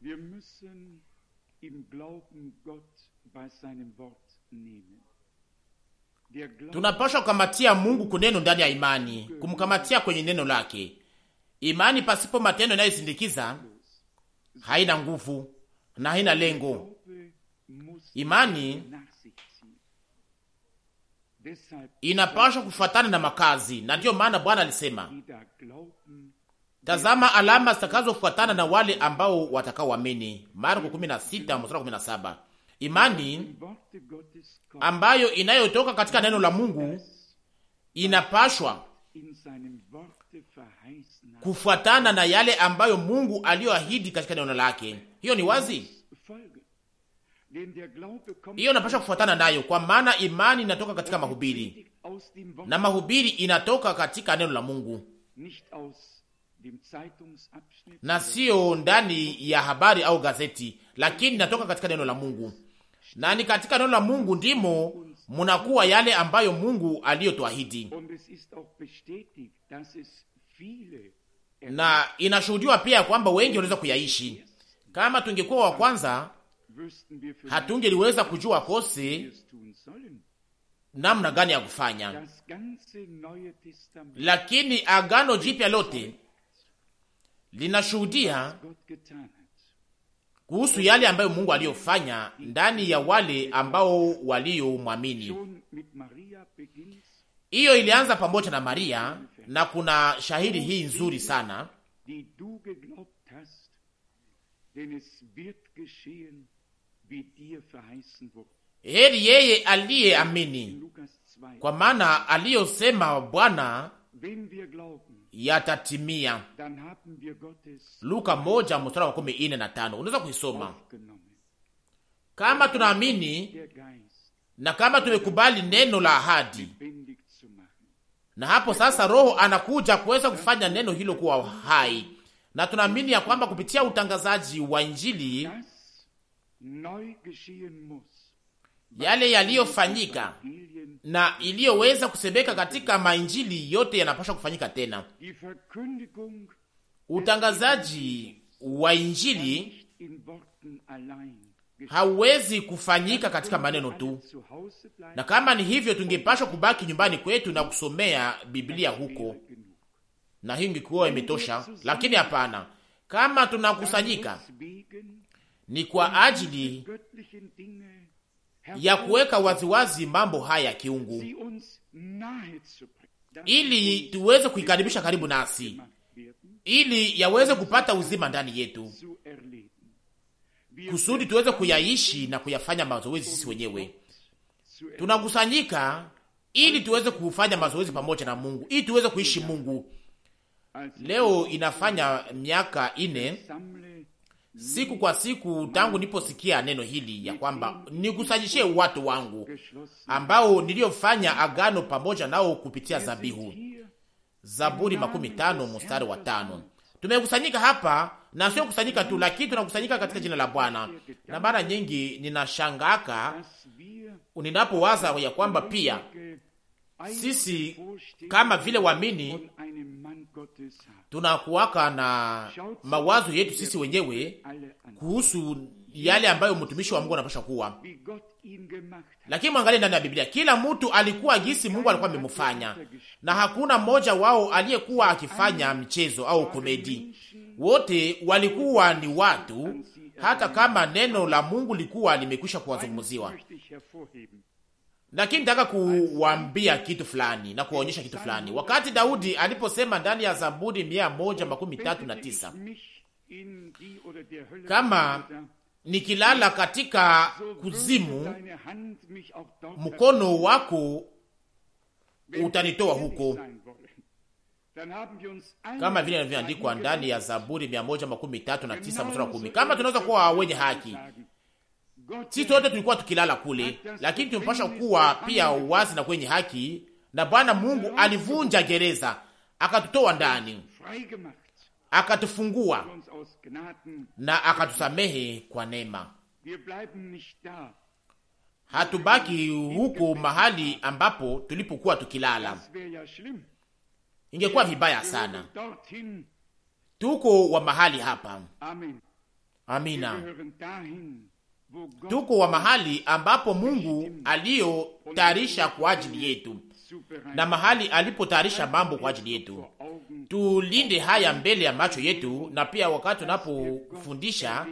Wir müssen im Glauben Gott bei seinem Wort nehmen. Tunapasha kukamatia Mungu kuneno ndani ya imani, kumkamatia kwenye neno lake. Imani pasipo matendo inayosindikiza haina nguvu na haina lengo. Imani inapasha kufuatana na makazi, na ndiyo maana Bwana alisema Tazama alama zitakazofuatana na wale ambao watakaoamini. Marko 16:17. Imani ambayo inayotoka katika neno la Mungu inapashwa kufuatana na yale ambayo Mungu aliyoahidi katika neno lake. Hiyo ni wazi, hiyo inapashwa kufuatana nayo, kwa maana imani inatoka katika mahubiri na mahubiri inatoka katika neno la Mungu na siyo ndani ya habari au gazeti, lakini natoka katika neno la Mungu, na ni katika neno la Mungu ndimo munakuwa yale ambayo Mungu aliyotuahidi, na inashuhudiwa pia kwamba wengi wanaweza kuyaishi. Kama tungekuwa wa kwanza, hatungeliweza kujua kose namna gani ya kufanya, lakini agano jipya lote linashuhudia kuhusu yale ambayo Mungu aliyofanya ndani ya wale ambao waliomwamini. Hiyo ilianza pamoja na Maria, na kuna shahidi hii nzuri sana heri yeye aliyeamini, kwa maana aliyosema Bwana yatatimia. Luka moja mstari wa makumi ine na tano unaweza kuisoma. Kama tunaamini na kama tumekubali neno la ahadi, na hapo sasa Roho anakuja kuweza kufanya neno hilo kuwa hai, na tunaamini ya kwamba kupitia utangazaji wa Injili yale yaliyofanyika na iliyoweza kusemeka katika mainjili yote yanapaswa kufanyika tena. Utangazaji wa injili hauwezi kufanyika katika maneno tu, na kama ni hivyo, tungepashwa kubaki nyumbani kwetu na kusomea Biblia huko, na hiyo ingekuwa imetosha. Lakini hapana, kama tunakusanyika ni kwa ajili ya kuweka waziwazi mambo haya kiungu, ili tuweze kuikaribisha karibu nasi, ili yaweze kupata uzima ndani yetu, kusudi tuweze kuyaishi na kuyafanya mazoezi sisi wenyewe. Tunakusanyika ili tuweze kufanya mazoezi pamoja na Mungu, ili tuweze kuishi Mungu. Leo inafanya miaka ine siku kwa siku tangu niposikia neno hili ya kwamba nikusajishie watu wangu ambao niliyofanya agano pamoja nao kupitia zabihu. Zaburi makumi tano mstari wa tano. Tumekusanyika hapa na sio kusanyika tu, lakini tunakusanyika katika jina la Bwana, na mara nyingi ninashangaka ninapowaza ya kwamba pia sisi kama vile waamini tunakuwaka na mawazo yetu sisi wenyewe kuhusu yale ambayo mtumishi wa Mungu anapasha kuwa. Lakini mwangalie ndani ya Biblia, kila mtu alikuwa gisi Mungu alikuwa amemfanya, na hakuna mmoja wao aliyekuwa akifanya mchezo au komedi. Wote walikuwa ni watu, hata kama neno la Mungu likuwa limekwisha kuwazungumziwa lakini nataka kuwambia kitu fulani na kuwaonyesha kitu fulani. Wakati Daudi aliposema ndani ya Zaburi mia moja makumi tatu na tisa kama nikilala katika kuzimu, mkono wako utanitoa huko, kama vile inavyoandikwa ndani ya Zaburi mia moja makumi tatu na tisa mstari wa kumi. Kama tunaweza kuwa wenye haki sisi wote tulikuwa tukilala kule, lakini tumepasha kuwa pia wazi na kwenye haki, na Bwana Mungu alivunja gereza, akatutoa ndani, akatufungua na akatusamehe kwa neema. Hatubaki huko mahali ambapo tulipokuwa tukilala, ingekuwa vibaya sana. Tuko wa mahali hapa. Amina tuko wa mahali ambapo Mungu aliyotayarisha kwa ajili yetu na mahali alipotayarisha mambo kwa ajili yetu. Tulinde haya mbele ya macho yetu, na pia wakati tunapofundisha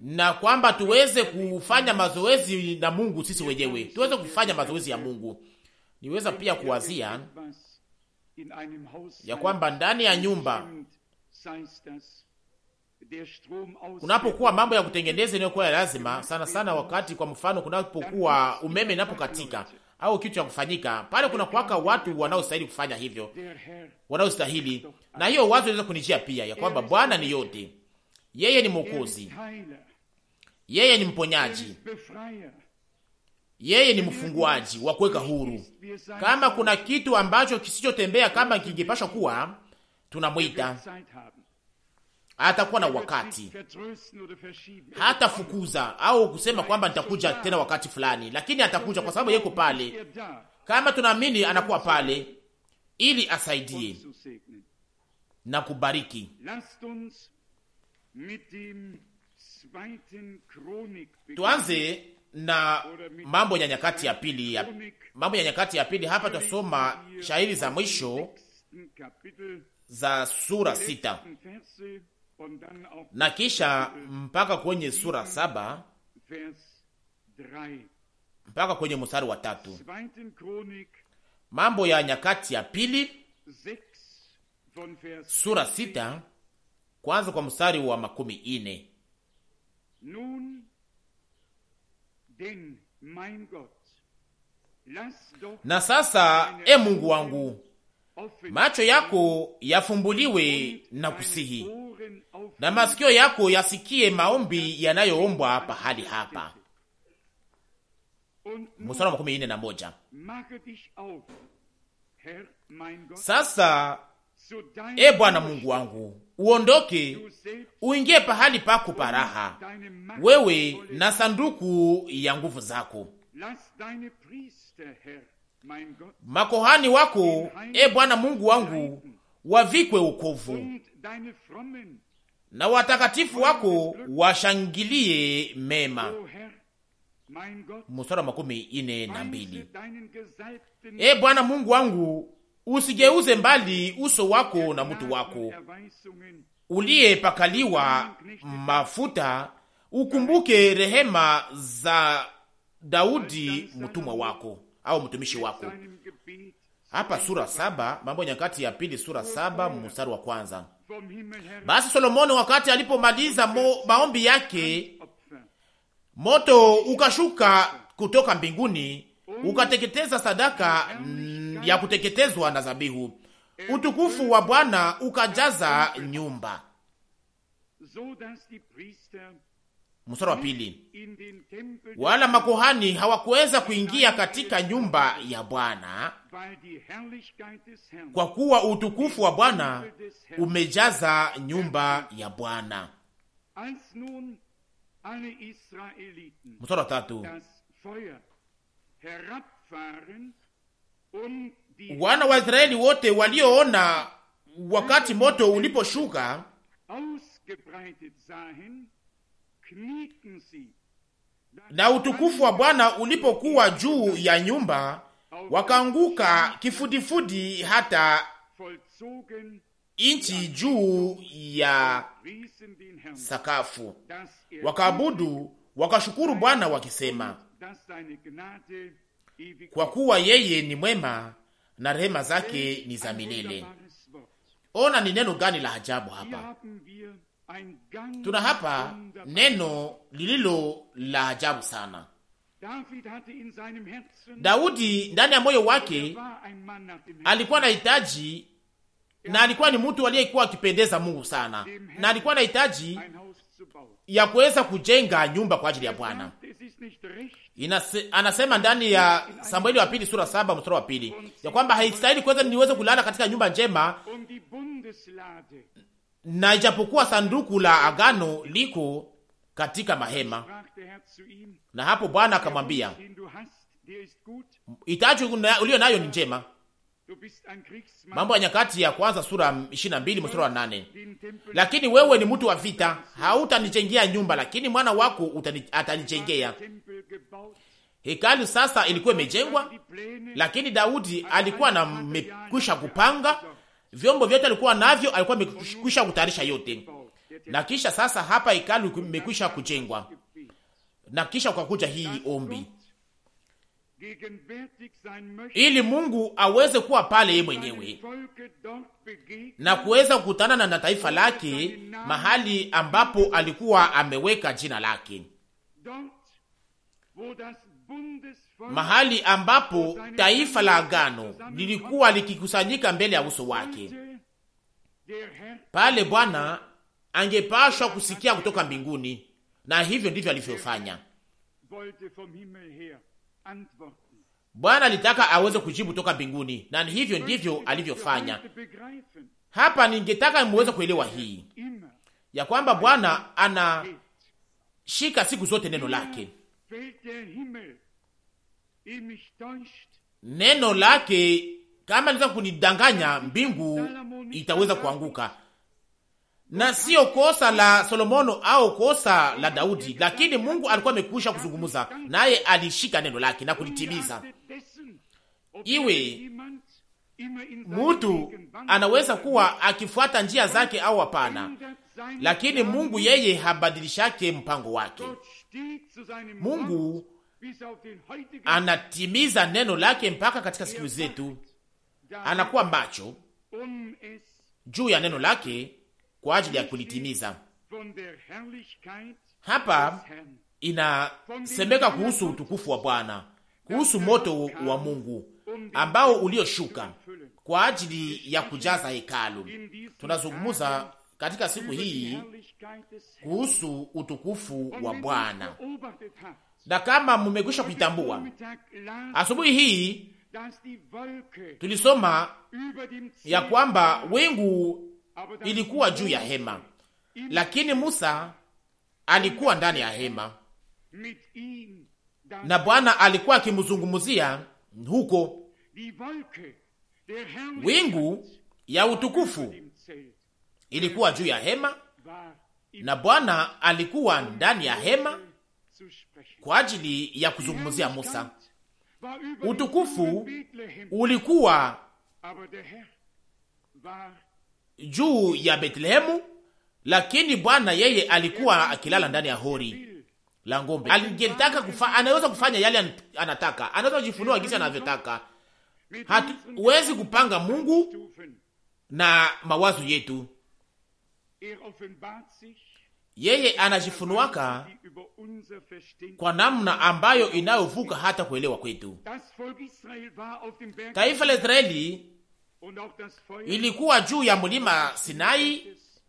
na kwamba tuweze kufanya mazoezi na Mungu sisi wenyewe, tuweze kufanya mazoezi ya Mungu. Niweza pia kuwazia ya kwamba ndani ya nyumba kunapokuwa mambo ya kutengeneza inayokuwa ya lazima sana sana, wakati kwa mfano kunapokuwa umeme inapokatika au kitu cha kufanyika pale, kuna kuwaka watu wanaostahili kufanya hivyo, wanaostahili. Na hiyo wazo inaweza kunijia pia ya kwamba Bwana ni yote, yeye ni Mwokozi, yeye ni mponyaji, yeye ni mfunguaji wa kuweka huru. Kama kuna kitu ambacho kisichotembea kama kingepashwa kuwa, tunamwita hatakuwa na wakati, hatafukuza au kusema kwamba nitakuja tena wakati fulani, lakini atakuja kwa sababu yeko pale. Kama tunaamini anakuwa pale ili asaidie na kubariki. Tuanze na Mambo ya Nyakati ya Pili ya, Mambo ya Nyakati ya Pili. Hapa tutasoma shairi za mwisho za sura sita na kisha mpaka kwenye sura saba mpaka kwenye mstari wa tatu Mambo ya Nyakati ya Pili sura sita kwanza kwa mstari wa makumi ine na sasa, e Mungu wangu, macho yako yafumbuliwe na kusihi na masikio yako yasikie maombi yanayoombwa pahali hapa. Mstari makumi na moja. Sasa e Bwana Mungu wangu, uondoke uingie pahali pako paraha, wewe na sanduku ya nguvu zako. Makohani wako e Bwana Mungu wangu wavikwe wokovu, na watakatifu wako washangilie mema. Mstari makumi ine na mbili. E Bwana Mungu wangu, usigeuze mbali uso wako na mtu wako uliyepakaliwa mafuta, ukumbuke rehema za Daudi mtumwa wako au mtumishi wako, hapa sura saba, Mambo ya Nyakati ya Pili sura saba mstari wa kwanza. Basi Solomoni wakati alipomaliza maombi yake, moto ukashuka kutoka mbinguni ukateketeza sadaka ya kuteketezwa na zabihu. Utukufu wa Bwana ukajaza nyumba mstari wa pili, wala makuhani hawakuweza kuingia katika nyumba ya Bwana kwa kuwa utukufu wa Bwana umejaza nyumba ya Bwana. Mstari wa tatu, wana wa Israeli wote walioona wakati moto uliposhuka na utukufu wa Bwana ulipokuwa juu ya nyumba, wakaanguka kifudifudi hata nchi juu ya sakafu, er wakaabudu wakashukuru Bwana wakisema, kwa kuwa yeye ni mwema na rehema zake ni za milele. Ona ni neno gani la ajabu hapa! Tuna hapa neno lililo la ajabu sana. Daudi ndani ya moyo wake alikuwa na hitaji, na alikuwa ni mtu aliyekuwa akipendeza Mungu sana, na alikuwa na hitaji ya kuweza kujenga nyumba kwa ajili ya Bwana. Anasema ndani ya Samueli wa pili sura saba mstari wa pili ya kwamba haistahili kuweza niweze kulala katika nyumba njema na ijapokuwa sanduku la agano liko katika mahema. Na hapo Bwana akamwambia, itaji uliyo nayo ni njema. Mambo ya Nyakati ya Kwanza sura 22 mstari wa 8. Lakini wewe ni mtu wa vita, hautanijengea nyumba, lakini mwana wako atanijengea hekalu. Sasa ilikuwa imejengwa, lakini Daudi alikuwa na mekwisha kupanga vyombo vyote alikuwa navyo, alikuwa amekwisha kutayarisha yote, na kisha sasa hapa hekalu imekwisha kujengwa, na kisha ukakuja hii ombi ili Mungu aweze kuwa pale yeye mwenyewe na kuweza kukutana na taifa lake mahali ambapo alikuwa ameweka jina lake mahali ambapo taifa la agano lilikuwa likikusanyika mbele ya uso wake. Pale Bwana angepashwa kusikia kutoka mbinguni, na hivyo ndivyo alivyofanya. Bwana alitaka aweze kujibu toka mbinguni, na hivyo ndivyo alivyofanya. Hapa ningetaka muweze kuelewa hii ya kwamba Bwana anashika siku zote neno lake neno lake kama liweza kunidanganya, mbingu itaweza kuanguka, na sio kosa la Solomono au kosa la Daudi, lakini Mungu alikuwa amekwisha kuzungumza naye, alishika neno lake na kulitimiza. Iwe mutu anaweza kuwa akifuata njia zake au hapana, lakini Mungu yeye habadilishake mpango wake. Mungu anatimiza neno lake mpaka katika siku zetu, anakuwa macho juu ya neno lake kwa ajili ya kulitimiza. Hapa inasemeka kuhusu utukufu wa Bwana, kuhusu moto wa Mungu ambao ulioshuka kwa ajili ya kujaza hekalu. Tunazungumza katika siku hii kuhusu utukufu wa Bwana na kama mmekwisha kuitambua, asubuhi hii tulisoma ya kwamba wingu ilikuwa juu ya hema, lakini Musa alikuwa ndani ya hema na Bwana alikuwa akimzungumzia huko. Wingu ya utukufu ilikuwa juu ya hema na Bwana alikuwa ndani ya hema kwa ajili ya kuzungumzia Musa. Utukufu ulikuwa juu ya Betlehemu, lakini Bwana yeye alikuwa akilala ndani ya hori la ngombe. Alingetaka kufa, anaweza kufanya yale anataka, anaweza kujifunua gisi anavyotaka. Hatuwezi kupanga Mungu na mawazo yetu yeye anajifunuaka kwa namna ambayo inayovuka hata kuelewa kwetu. Taifa la Israeli ilikuwa juu ya mlima Sinai,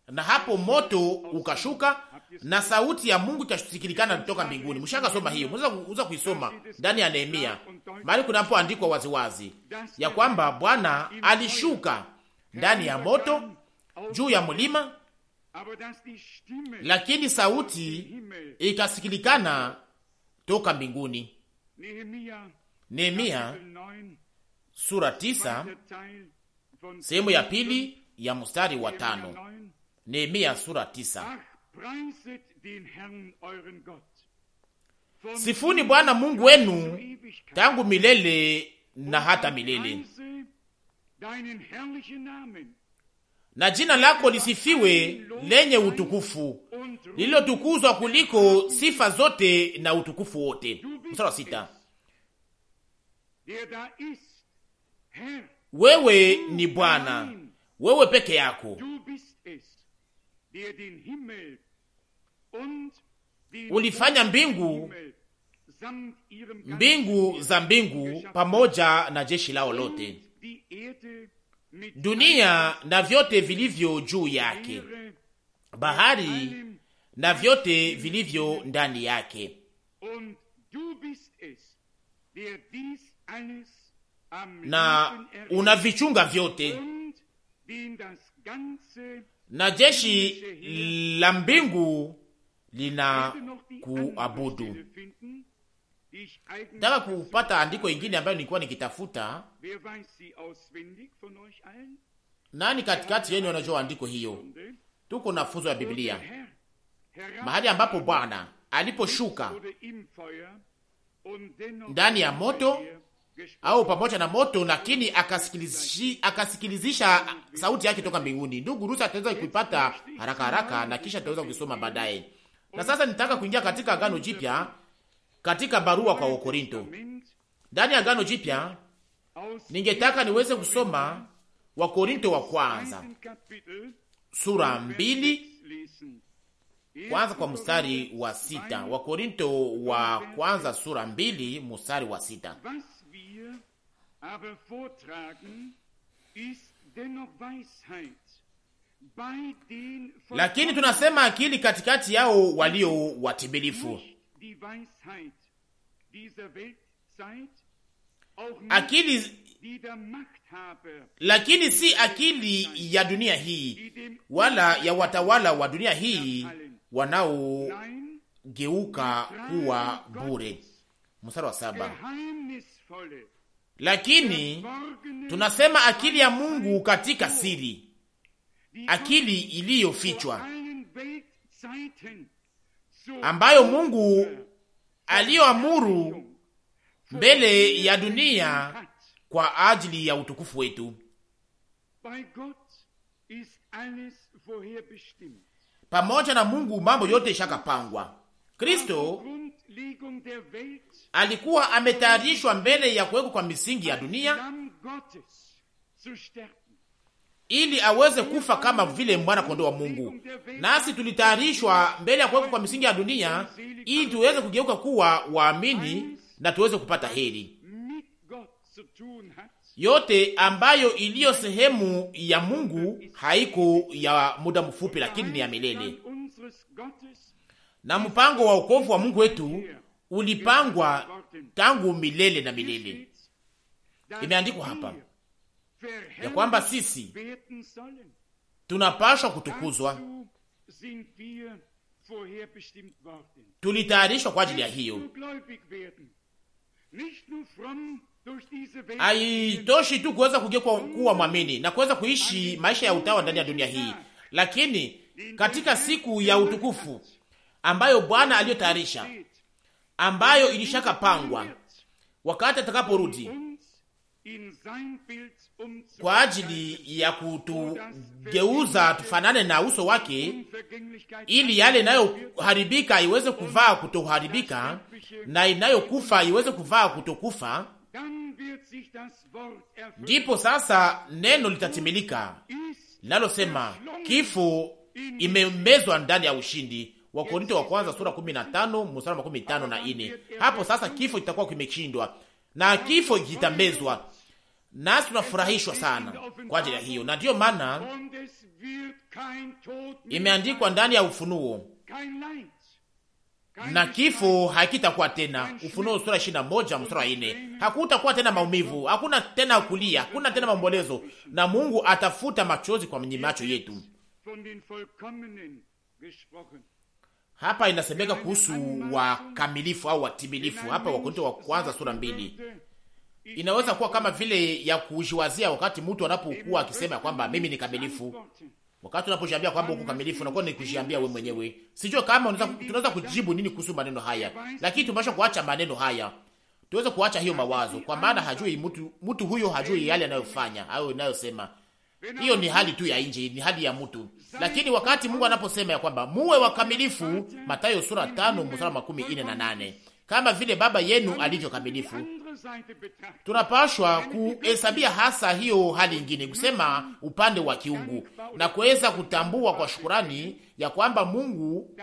na hapo moto ukashuka na sauti ya Mungu ikasikilikana kutoka mbinguni. Mshaka soma hiyo, uza kuisoma ndani ya Nehemia mahali kunapoandikwa waziwazi ya kwamba Bwana alishuka ndani ya moto juu ya mlima lakini sauti ikasikilikana toka mbinguni. Nehemia sura tisa sehemu ya pili ya mstari wa tano. Nehemia sura tisa. Sifuni Bwana Mungu wenu tangu milele na hata milele na jina lako lisifiwe lenye utukufu lililotukuzwa kuliko sifa zote na utukufu wote. Mstari wa sita. Wewe ni Bwana, wewe peke yako ulifanya mbingu, mbingu za mbingu pamoja na jeshi lao lote dunia na vyote vilivyo juu yake, bahari na vyote vilivyo ndani yake. Na unavichunga vyote, na jeshi la mbingu lina kuabudu taka kupata andiko ingine ambayo nilikuwa nikitafuta. Nani katikati yenu anajua andiko hiyo? Tuko na funzo ya Biblia mahali ambapo Bwana aliposhuka ndani ya moto au pamoja na moto, lakini akasikilizisha sauti yake toka mbinguni. Ndugu Rusi ataweza kuipata haraka haraka na kisha ataweza kusoma baadaye. Na sasa nitaka kuingia katika Agano Jipya katika barua kwa Wakorinto ndani ya Agano Jipya. Ningetaka niweze kusoma Wakorinto wa kwanza sura mbili kwanza kwa mstari wa sita. Wakorinto wa kwanza sura mbili mstari wa sita. Lakini tunasema akili katikati yao walio watimilifu akili lakini si akili ya dunia hii wala ya watawala wa dunia hii wanaogeuka kuwa bure. Mstari wa saba. Lakini tunasema akili ya Mungu katika siri, akili iliyofichwa ambayo Mungu aliyoamuru mbele ya dunia kwa ajili ya utukufu wetu. Pamoja na Mungu mambo yote ishakapangwa. Kristo alikuwa ametayarishwa mbele ya kuwekwa kwa misingi ya dunia ili aweze kufa kama vile mwana kondoo wa Mungu. Nasi tulitayarishwa mbele ya kuwekwa kwa misingi ya dunia, ili tuweze kugeuka kuwa waamini na tuweze kupata heri yote ambayo iliyo sehemu ya Mungu haiko ya muda mfupi, lakini ni ya milele. Na mpango wa wokovu wa Mungu wetu ulipangwa tangu milele na milele, imeandikwa hapa ya kwamba sisi tunapashwa kutukuzwa. Tulitayarishwa kwa ajili ya hiyo. Haitoshi tu kuweza kugeuka kuwa mwamini na kuweza kuishi maisha ya utawa ndani ya dunia hii, lakini katika siku ya utukufu ambayo Bwana aliyotayarisha, ambayo ilishaka pangwa, wakati atakaporudi kwa ajili ya kutugeuza tufanane na uso wake, ili yale inayoharibika iweze kuvaa kutoharibika na inayokufa iweze kuvaa kutokufa. Ndipo sasa neno litatimilika linalosema kifo imemezwa ndani ya ushindi. Wakorinto wa kwanza sura 15 mstari wa 15 na 4. Hapo sasa kifo kitakuwa kimeshindwa na kifo kitamezwa nasi tunafurahishwa sana kwa ajili ya hiyo, na ndiyo maana imeandikwa ndani ya Ufunuo na kifo hakitakuwa tena. Ufunuo sura ishirini na moja mstari wa ine. Hakutakuwa tena maumivu, hakuna tena kulia, hakuna tena maombolezo, na Mungu atafuta machozi kwa macho yetu. Hapa inasemeka kuhusu wakamilifu au watimilifu, hapa Wakorinto wa kwanza sura mbili inaweza kuwa kama vile ya kujiwazia wakati mtu anapokuwa akisema kwamba mimi ni kamilifu. Wakati unapojiambia kwamba uko kamilifu, unakuwa ni kujiambia wewe mwenyewe. Sijua kama tunaweza kujibu nini kuhusu maneno haya, lakini tumesha kuacha maneno haya, tuweze kuacha hiyo mawazo, kwa maana hajui mtu, mtu huyo hajui yale anayofanya au inayosema. Hiyo ni hali tu ya nje, ni hali ya mtu. Lakini wakati Mungu anaposema ya kwamba muwe wakamilifu, Mathayo sura 5 mstari wa 48, kama vile baba yenu alivyo kamilifu tunapashwa kuhesabia hasa hiyo hali ingine, kusema upande wa kiungu na kuweza kutambua kwa shukurani ya kwamba Mungu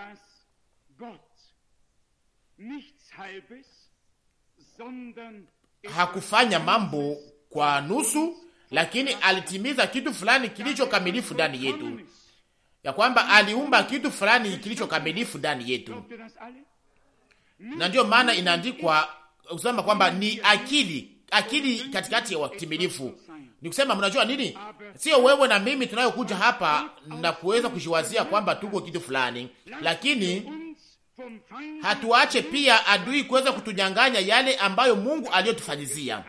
hakufanya mambo kwa nusu, lakini alitimiza kitu fulani kilicho kamilifu ndani yetu, ya kwamba aliumba kitu fulani kilicho kamilifu ndani yetu, na ndiyo maana inaandikwa kusema kwamba ni akili, akili katikati ya watimilifu. Ni kusema mnajua nini, sio wewe na mimi tunayokuja hapa na kuweza kujiwazia kwamba tuko kitu fulani, lakini hatuache pia adui kuweza kutunyang'anya yale ambayo Mungu aliyotufanyizia.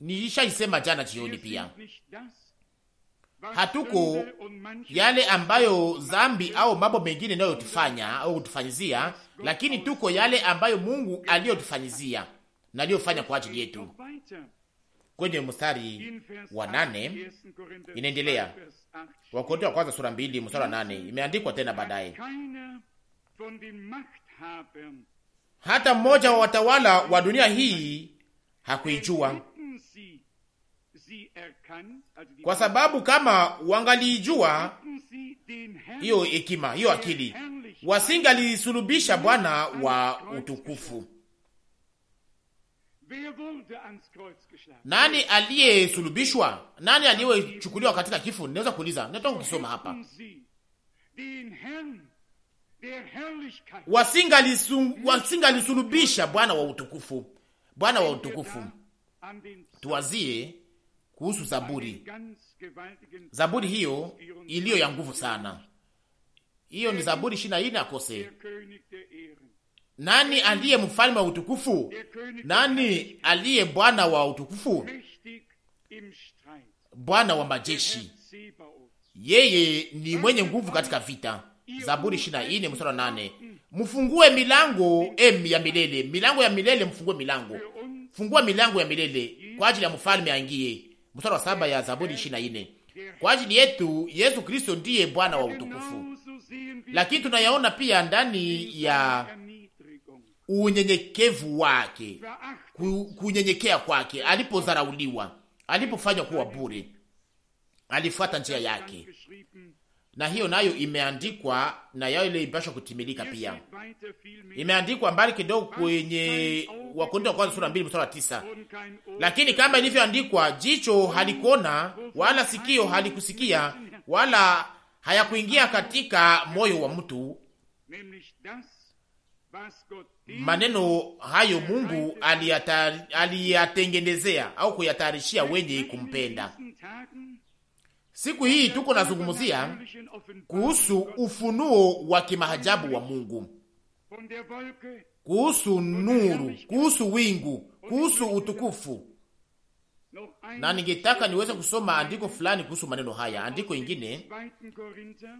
Niishaisema jana jioni pia hatuko yale ambayo zambi au mambo mengine inayotufanya au kutufanyizia, lakini tuko yale ambayo Mungu aliyotufanyizia na aliyofanya kwa ajili yetu. Kwenye mstari wa nane inaendelea, Wakorintho wa kwanza sura mbili mstari wa nane imeandikwa tena baadaye, hata mmoja wa watawala wa dunia hii hakuijua kwa sababu kama wangaliijua hiyo hekima, hiyo akili, wasingalisulubisha Bwana wa utukufu. Nani aliyesulubishwa? Nani aliyechukuliwa katika kifo? Ninaweza kuuliza, ninataka kukisoma hapa. Wasingalisulubisha Bwana wa utukufu, Bwana wa utukufu. Tuwazie kuhusu Zaburi. Zaburi hiyo iliyo ya nguvu sana, hiyo ni Zaburi ishirini na nne akose nani aliye mfalme wa utukufu? Nani aliye Bwana wa utukufu? Bwana wa majeshi, yeye ni mwenye nguvu katika vita. Zaburi ishirini na nne mstari nane. Mfungue milango em, ya milele, milango ya milele, mfungue milango, fungua milango ya milele kwa ajili ya mfalme aingie mstari wa saba ya Zaburi ishirini na nne. Kwa ajili yetu Yesu Kristo ndiye Bwana wa utukufu, lakini tunayaona pia ndani ya unyenyekevu wake, kunyenyekea kwake, alipozarauliwa alipofanywa kuwa bure, alifuata njia yake na hiyo nayo imeandikwa na yao ile ipashwa kutimilika pia. Imeandikwa mbali kidogo kwenye Wakorintho wa kwanza sura mbili mstari wa tisa, lakini kama ilivyoandikwa, jicho halikuona wala sikio halikusikia wala hayakuingia katika moyo wa mtu maneno hayo Mungu aliyatengenezea au kuyatayarishia wenye kumpenda. Siku hii tuko nazungumzia kuhusu ufunuo wa kimahajabu wa Mungu, kuhusu nuru, kuhusu wingu, kuhusu utukufu. Na ningetaka niweze kusoma andiko fulani kuhusu maneno haya. Andiko ingine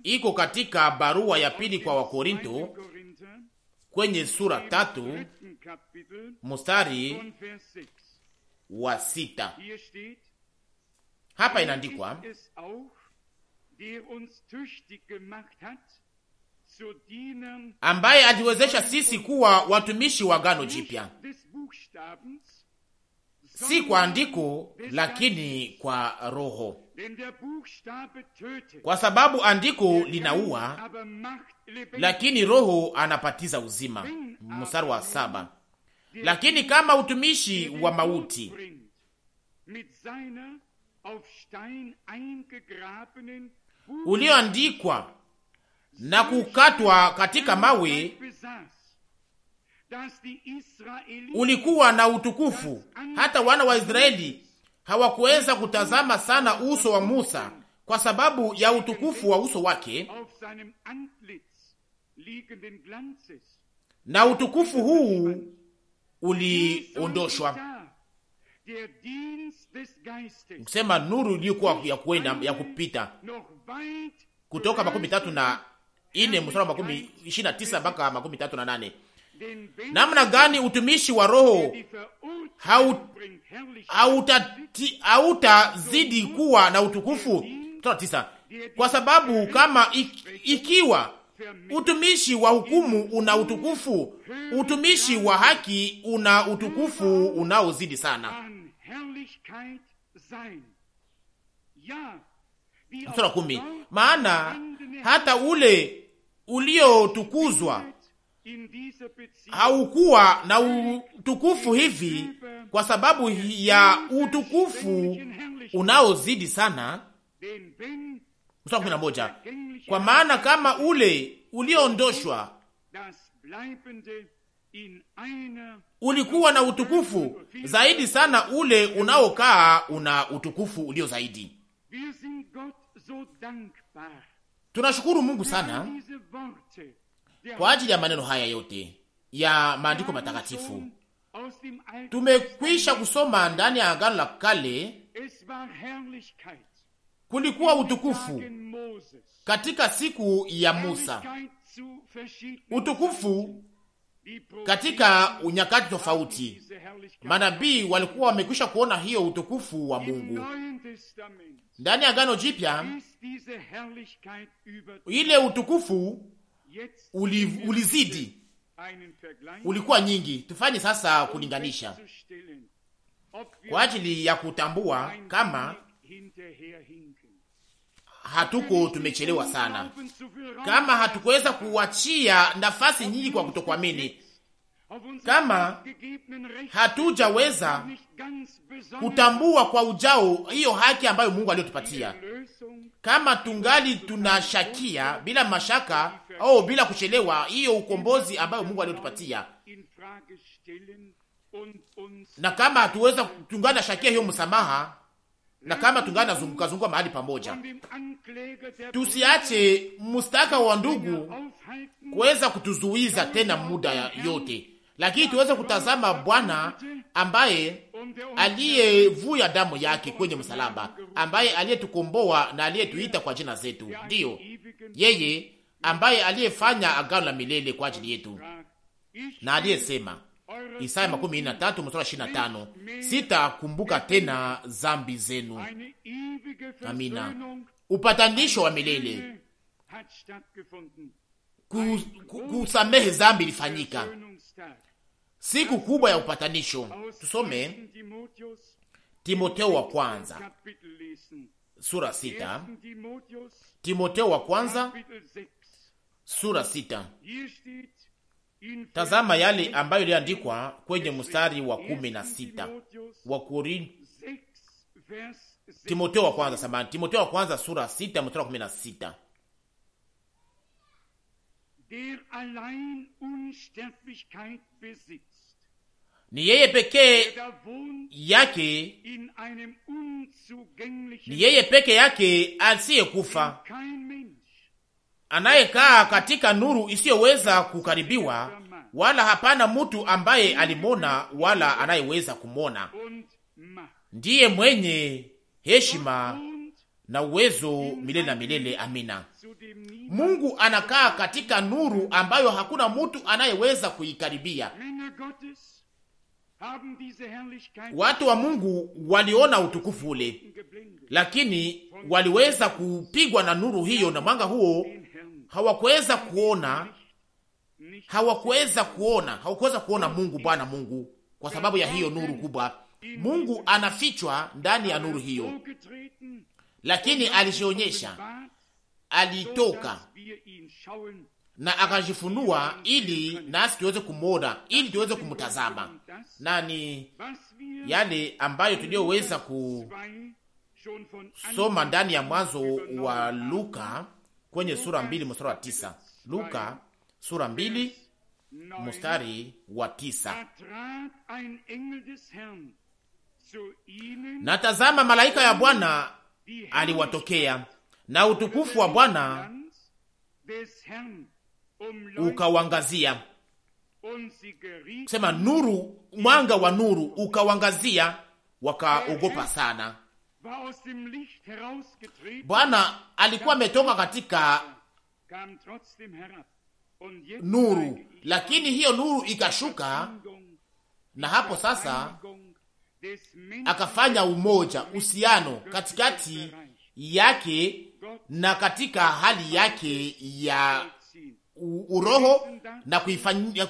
iko katika barua ya pili kwa Wakorinto kwenye sura tatu mstari wa sita. Hapa inaandikwa ambaye aliwezesha sisi kuwa watumishi wa gano jipya, si kwa andiko, lakini kwa Roho, kwa sababu andiko linaua, lakini Roho anapatiza uzima. Mstari wa saba. Lakini kama utumishi wa mauti ulioandikwa na kukatwa katika mawe ulikuwa na utukufu, hata wana wa Israeli hawakuweza kutazama sana uso wa Musa kwa sababu ya utukufu wa uso wake. Na utukufu huu uliondoshwa kusema nuru iliyokuwa ya kuenda ya kupita kutoka makumi tatu na ine mstari wa makumi ishirini na tisa mpaka makumi tatu na nane Namna gani utumishi wa Roho hautazidi hauta kuwa na utukufu? tisa. Kwa sababu kama ikiwa utumishi wa hukumu una utukufu, utumishi wa haki una utukufu unaozidi sana. Sura kumi. Maana hata ule uliotukuzwa haukuwa na utukufu hivi kwa sababu ya utukufu unaozidi sana. Sura kumi na moja. Kwa maana kama ule uliondoshwa ulikuwa na utukufu zaidi sana, ule unaokaa una utukufu ulio zaidi. Tunashukuru Mungu sana kwa ajili ya maneno haya yote ya maandiko matakatifu. Tumekwisha kusoma ndani ya Agano la Kale, kulikuwa utukufu katika siku ya Musa, utukufu katika unyakati tofauti manabii walikuwa wamekwisha kuona hiyo utukufu wa Mungu. Ndani ya Agano Jipya ile utukufu uli, ulizidi ulikuwa nyingi. Tufanye sasa kulinganisha kwa ajili ya kutambua kama hatuko tumechelewa sana, kama hatukuweza kuwachia nafasi nyingi kwa kutokuamini, kama hatujaweza kutambua kwa ujao hiyo haki ambayo Mungu aliyotupatia, kama tungali tunashakia bila mashaka au bila kuchelewa hiyo ukombozi ambayo Mungu aliyotupatia, na kama hatuweza tungali na shakia hiyo msamaha na kama tungana zunguka zunguka mahali pamoja, tusiache mustaka wa ndugu kuweza kutuzuiza tena muda yote, lakini tuweze kutazama Bwana ambaye um aliyevuya damu yake kwenye msalaba, ambaye aliyetukomboa na aliyetuita kwa jina zetu, ndiyo yeye ambaye aliyefanya agano la milele kwa ajili yetu na aliyesema Isaya makumi na tatu mstari ishirini na tano sitakumbuka tena zambi zenu. Amina. Upatanisho wa milele Kus, kusamehe zambi ilifanyika, siku kubwa ya upatanisho. Tusome Timoteo wa kwanza sura sita. Timoteo wa kwanza sura sita. Tazama yale ambayo iliandikwa kwenye mstari wa kumi na sita wa Timotheo wa kwanza samani, Timoteo wa kwanza sura sita mstari wa kumi na sita ni yeye pekee yake, ni yeye pekee yake asiyekufa anayekaa katika nuru isiyoweza kukaribiwa, wala hapana mtu ambaye alimona wala anayeweza kumona. Ndiye mwenye heshima na uwezo milele na milele. Amina. Mungu anakaa katika nuru ambayo hakuna mtu anayeweza kuikaribia. Watu wa Mungu waliona utukufu ule, lakini waliweza kupigwa na nuru hiyo na mwanga huo hawakuweza kuona, hawakuweza kuona, hawakuweza kuona Mungu, Bwana Mungu, kwa sababu ya hiyo nuru kubwa. Mungu anafichwa ndani ya nuru hiyo, lakini alijionyesha, alitoka na akajifunua ili nasi tuweze kumwona, ili tuweze kumtazama. Na ni yale ambayo tuliyoweza kusoma ndani ya mwanzo wa Luka kwenye sura mbili mstari wa tisa. Luka sura mbili mstari wa tisa. Er na tazama malaika ya Bwana aliwatokea na utukufu wa Bwana ukawangazia, sema nuru, mwanga wa nuru ukawangazia, wakaogopa er sana. Bwana alikuwa ametoka katika nuru, lakini hiyo nuru ikashuka, na hapo sasa akafanya umoja, uhusiano katikati yake na katika hali yake ya uroho na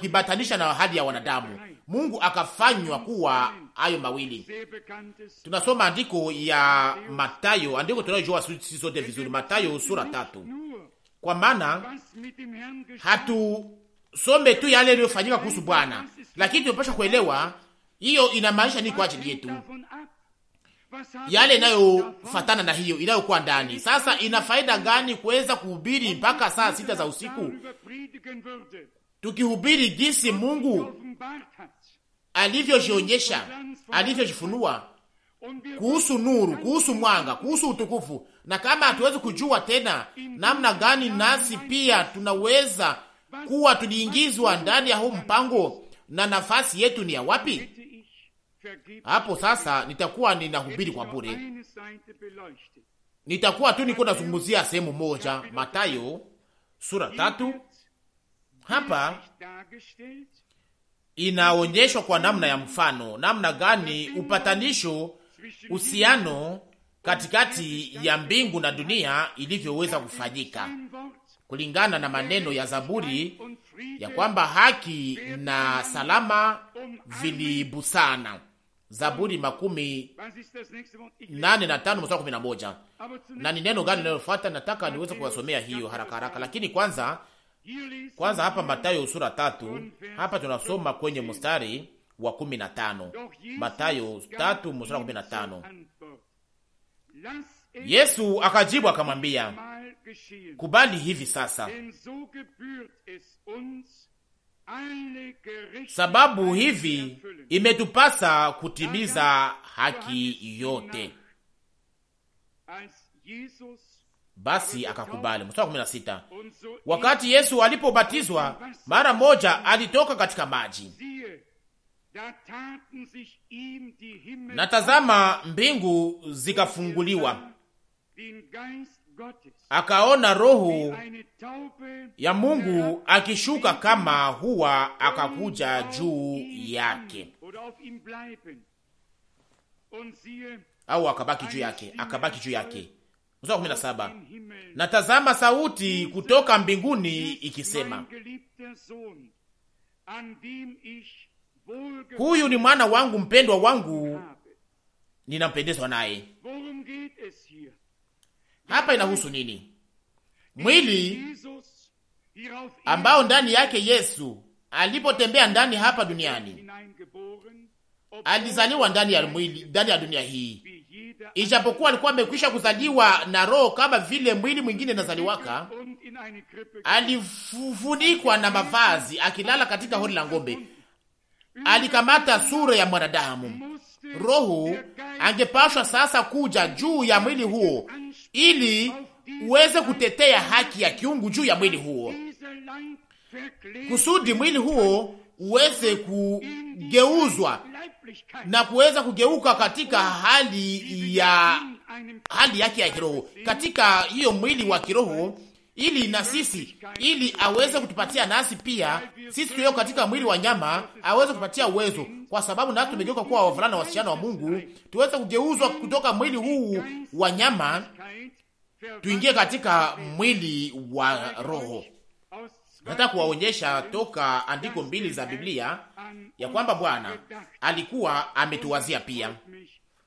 kuibatanisha na hali ya wanadamu. Mungu akafanywa kuwa hayo mawili. Tunasoma andiko ya Matayo, andiko tunayojua sisi sote vizuri, Matayo sura tatu. Kwa maana hatusome tu yale yaliyofanyika kuhusu Bwana, lakini tumepasha kuelewa hiyo inamaanisha nini kwa ajili yetu, yale inayofatana na hiyo inayokuwa ndani. Sasa ina faida gani kuweza kuhubiri mpaka saa sita za usiku tukihubiri jinsi Mungu alivyojionyesha, alivyojifunua kuhusu nuru, kuhusu mwanga, kuhusu utukufu. Na kama hatuwezi kujua tena namna gani nasi pia tunaweza kuwa tuliingizwa ndani ya huu mpango na nafasi yetu ni ya wapi? Hapo sasa nitakuwa ninahubiri kwa bure, nitakuwa tu niko nazungumzia sehemu moja, Matayo sura tatu. Hapa inaonyeshwa kwa namna ya mfano, namna gani upatanisho, uhusiano katikati ya mbingu na dunia ilivyoweza kufanyika kulingana na maneno ya Zaburi ya kwamba haki na salama vilibusana. Zaburi makumi nane na tano mstari kumi na moja. Na ni neno gani linalofuata? Nataka niweze kuwasomea hiyo haraka haraka, lakini kwanza kwanza hapa Matayo sura tatu, hapa tunasoma kwenye mstari wa kumi na tano. Matayo tatu mstari wa kumi na tano. Yesu akajibu akamwambia, kubali hivi sasa, sababu hivi imetupasa kutimiza haki yote basi akakubali. Mstari wakati Yesu alipobatizwa mara moja alitoka katika maji, na tazama, mbingu zikafunguliwa, akaona Roho ya Mungu akishuka kama huwa, akakuja juu yake au akabaki juu yake, akabaki juu yake Mstari wa 17, natazama sauti kutoka mbinguni ikisema, huyu ni mwana wangu mpendwa wangu, ninampendezwa naye. Hapa inahusu nini? Mwili ambao ndani yake Yesu alipotembea ndani hapa duniani, alizaliwa ndani ya mwili, ndani ya dunia hii Ijapokuwa alikuwa amekwisha kuzaliwa na roho kama vile mwili mwingine nazaliwaka, alifunikwa na mavazi akilala katika hori la ng'ombe, alikamata sura ya mwanadamu. Roho angepashwa sasa kuja juu ya mwili huo ili uweze kutetea haki ya kiungu juu ya mwili huo, kusudi mwili huo uweze kugeuzwa na kuweza kugeuka katika hali ya hali yake ya kiroho katika hiyo mwili wa kiroho, ili na sisi ili aweze kutupatia nasi pia sisi tulio katika mwili wa nyama aweze kutupatia uwezo, kwa sababu nasi tumegeuka kuwa wavulana wa wasichana wa Mungu, tuweze kugeuzwa kutoka mwili huu wa nyama tuingie katika mwili wa roho. Nataka kuwaonyesha toka andiko mbili za Biblia ya kwamba Bwana alikuwa ametuwazia pia,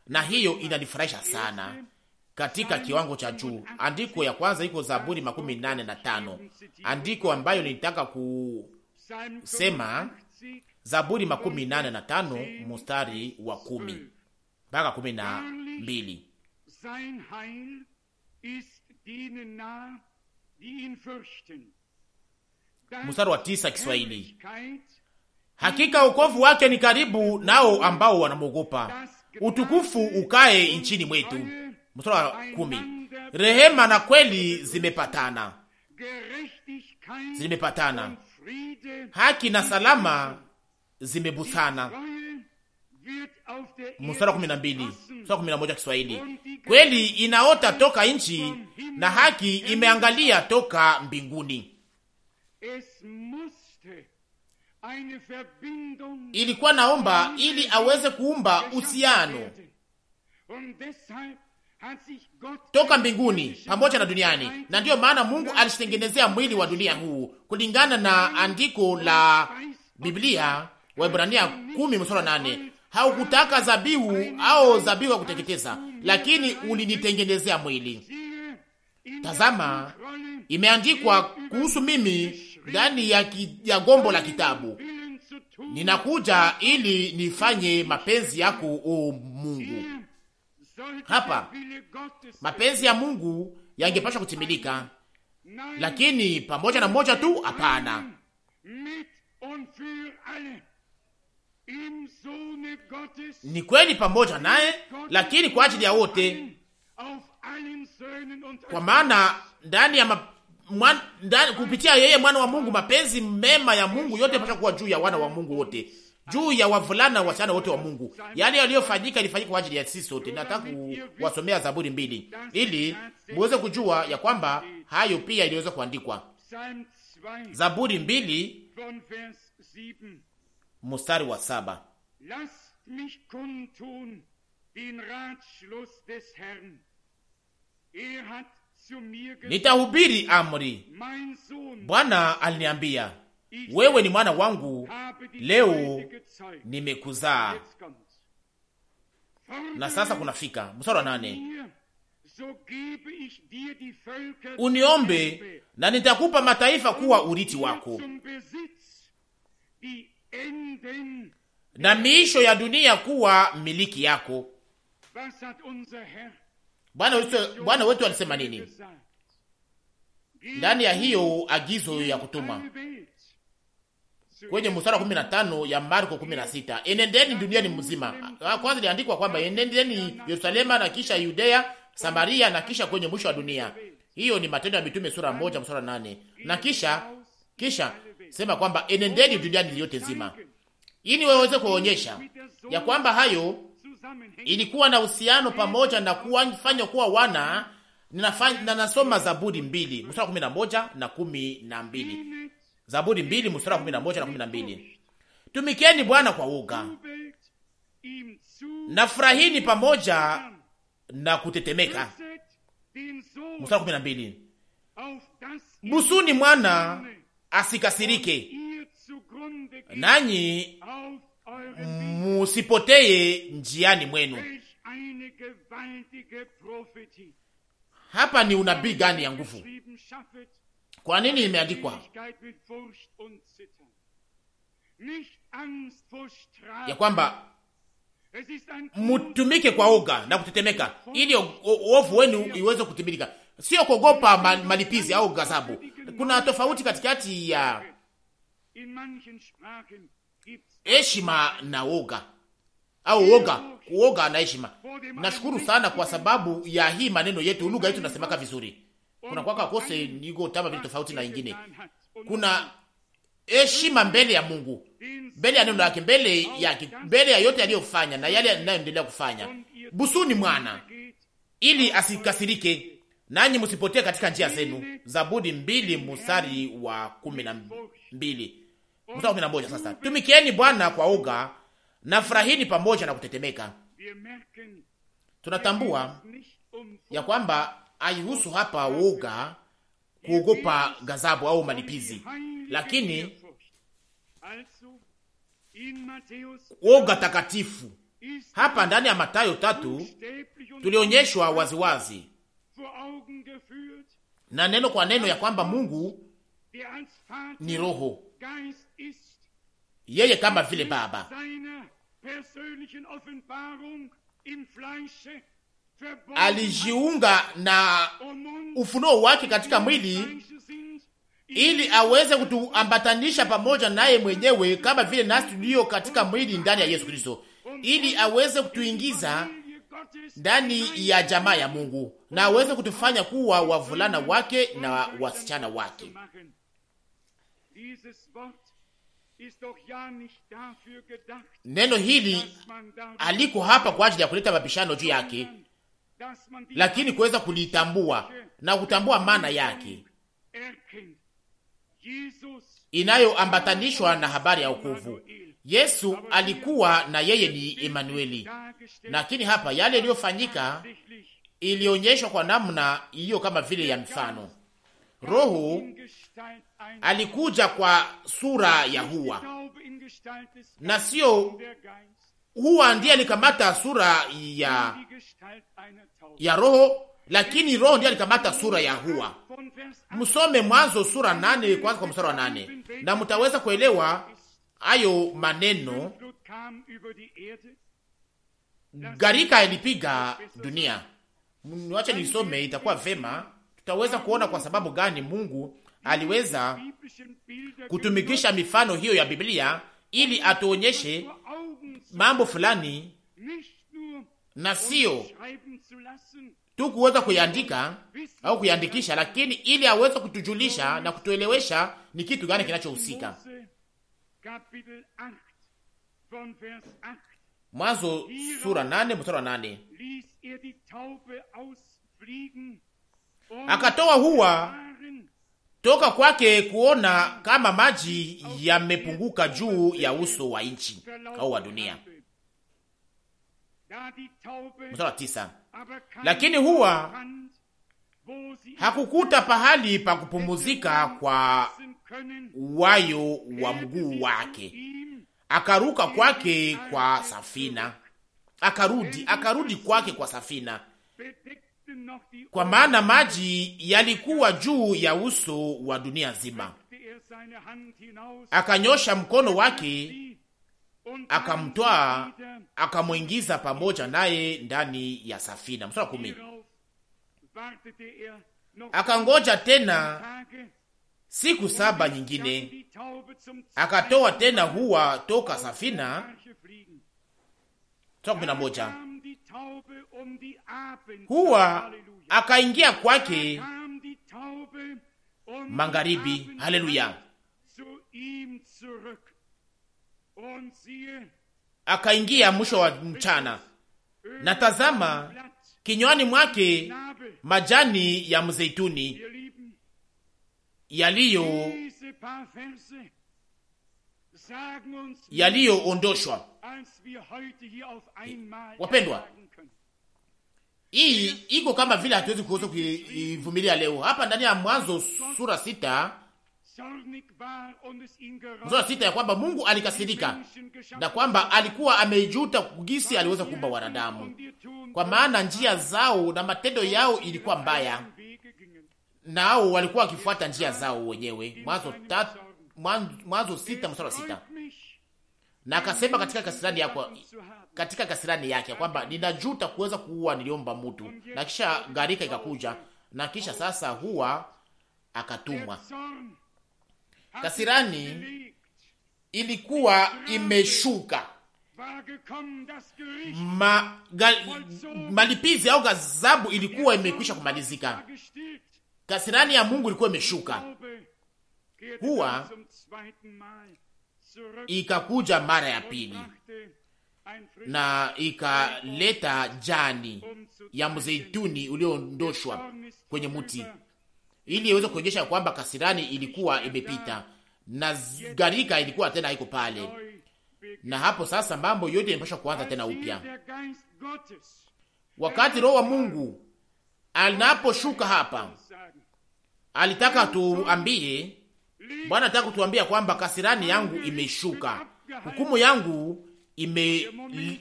na hiyo inanifurahisha sana katika kiwango cha juu. Andiko ya kwanza iko Zaburi makumi nane na tano, andiko ambayo nilitaka kusema Zaburi makumi nane na tano mustari wa kumi mpaka kumi na mbili mstari wa tisa Kiswahili. Hakika ukovu wake ni karibu nao ambao wanamwogopa, utukufu ukae nchini mwetu. Mstari wa kumi rehema na kweli zimepatana, zimepatana, haki na salama zimebusana. Mstari kumi na mbili mstari kumi na moja Kiswahili, kweli inaota toka nchi na haki imeangalia toka mbinguni ilikuwa naomba ili aweze kuumba uhusiano toka mbinguni pamoja na duniani, na ndiyo maana Mungu alitengenezea mwili wa dunia huu kulingana na andiko la Biblia, Waebrania 10 Haukutaka zabihu au zabihu ya kuteketeza, lakini ulinitengenezea mwili. Tazama, imeandikwa kuhusu mimi ndani ya, ki, ya gombo la kitabu, ninakuja ili nifanye mapenzi yako, o Mungu. Hapa mapenzi ya Mungu yangepashwa kutimilika, lakini pamoja na mmoja tu? Hapana, ni kweli pamoja naye, lakini kwa ajili ya wote, kwa maana ndani ya ndani, kupitia yeye mwana wa Mungu, mapenzi mema ya Mungu yote yanapaswa kuwa juu ya wana wa Mungu wote, juu ya wavulana wa wasichana wote wa Mungu. Yale yaliyofanyika ilifanyika kwa ajili ya sisi sote. Nataka kuwasomea Zaburi mbili ili muweze kujua ya kwamba hayo pia iliweza kuandikwa. Zaburi mbili mstari wa saba nitahubiri amri. Bwana aliniambia, wewe ni mwana wangu, leo nimekuzaa. Na sasa kunafika mstari wa nane: uniombe na nitakupa mataifa kuwa urithi wako na miisho ya dunia kuwa miliki yako. Bwana wetu Bwana wetu alisema nini ndani ya hiyo agizo ya kutuma kwenye mstari wa 15 ya Marko 16, enendeni duniani mzima. Ah, kwanza iliandikwa kwamba enendeni Yerusalema na kisha Yudea, Samaria na kisha kwenye mwisho wa dunia. Hiyo ni Matendo ya Mitume sura moja mstari nane na kisha kisha sema kwamba enendeni duniani yote nzima, ili waweze kuonyesha ya kwamba hayo ilikuwa na uhusiano pamoja na kuwafanya kuwa wana. Na nasoma Zaburi mbili mstari kumi na moja na kumi na mbili Zaburi mbili mstari kumi na moja na kumi na mbili Tumikeni Bwana kwa uga na furahini pamoja na kutetemeka. Mstari kumi na mbili busuni mwana asikasirike, nanyi musipoteye njiani mwenu. Hapa ni unabii gani ya nguvu? Kwa nini imeandikwa ya kwamba mutumike kwa oga na kutetemeka, ili uovu wenu iweze kutimilika, sio kuogopa malipizi au gazabu. Kuna tofauti katikati ya heshima na woga au woga woga na heshima. Nashukuru sana kwa sababu ya hii maneno yetu, lugha yetu nasemaka vizuri. Kuna kwaka kose niko tama vile tofauti na ingine. Kuna heshima mbele ya Mungu, mbele ya neno lake, mbele ya mbele ya yote aliyofanya na yale anayoendelea kufanya. Busuni mwana ili asikasirike, nanyi msipotee katika njia zenu. Zaburi mbili musari wa kumi na mbili. Mstari na moja sasa. Tumikieni Bwana kwa uga na furahini pamoja na kutetemeka. Tunatambua ya kwamba aihusu hapa uga kuogopa gazabu au malipizi, lakini uga takatifu hapa ndani ya Mathayo tatu tulionyeshwa waziwazi na neno kwa neno ya kwamba Mungu ni Roho yeye kama vile Baba alijiunga na ufunuo wake katika mwili ili aweze kutuambatanisha pamoja naye mwenyewe kama vile nasi tulio katika mwili ndani ya Yesu Kristo, ili aweze kutuingiza ndani ya jamaa ya Mungu na aweze kutufanya kuwa wavulana wake na wasichana wake. Neno hili aliko hapa kwa ajili ya kuleta mabishano juu yake, lakini kuweza kulitambua na kutambua maana yake inayoambatanishwa na habari ya wokovu. Yesu alikuwa na yeye ni Emanueli, lakini hapa yale yaliyofanyika ilionyeshwa kwa namna iliyo kama vile ya mfano. Roho alikuja kwa sura ya hua, na sio huwa ndiye alikamata sura ya ya roho, lakini roho ndiye alikamata sura ya hua. Msome Mwanzo sura nane kwanza kwa mstari wa nane na mtaweza kuelewa hayo maneno. garika ilipiga dunia. Niwache nisome, itakuwa vema, tutaweza kuona kwa sababu gani Mungu aliweza kutumikisha mifano hiyo ya Biblia ili atuonyeshe mambo fulani na sio tu kuweza kuiandika au kuiandikisha, lakini ili aweze kutujulisha na kutuelewesha ni kitu gani kinachohusika. Mwanzo sura nane mstari wa nane akatoa huwa toka kwake kuona kama maji yamepunguka juu ya uso wa nchi au wa dunia. Mstari tisa. Lakini huwa hakukuta pahali pa kupumuzika kwa wayo wa mguu wake, akaruka kwake kwa safina, akarudi akarudi kwake kwa safina kwa maana maji yalikuwa juu ya uso wa dunia nzima. Akanyosha mkono wake akamtwaa akamwingiza pamoja naye ndani ya safina. Mstari kumi. Akangoja tena siku saba nyingine, akatoa tena huwa toka safina. Mstari kumi na moja. Um huwa akaingia kwake um magharibi. Haleluya! Akaingia er mwisho wa mchana, na tazama, kinywani mwake majani ya mzeituni yaliyo yaliyoondoshwa. Eh, wapendwa, hii iko kama vile hatuwezi kuweza kuivumilia leo. Hapa ndani ya Mwanzo sura sita sura sita ya kwamba Mungu alikasirika na kwamba alikuwa ameijuta kugisi aliweza kuumba wanadamu, kwa maana njia zao na matendo yao ilikuwa mbaya, nao walikuwa wakifuata njia zao wenyewe. Mwanzo tatu, Mwanzo sita mstari wa sita. Na akasema katika kasirani yako katika kasirani yake kwamba ninajuta kuweza kuua niliomba mtu, na kisha gharika ikakuja, na kisha sasa huwa akatumwa. Kasirani ilikuwa imeshuka ma, ga, malipizi au gazabu ilikuwa imekwisha kumalizika. Kasirani ya Mungu ilikuwa imeshuka, huwa ikakuja mara ya pili na ikaleta jani ya mzeituni uliondoshwa kwenye mti ili iweze kuonyesha kwamba kasirani ilikuwa imepita na gharika ilikuwa tena iko pale, na hapo sasa mambo yote yamepashwa kuanza tena upya. Wakati Roho wa Mungu anaposhuka hapa, alitaka tuambie, Bwana anataka kutuambia kwamba kasirani yangu imeshuka, hukumu yangu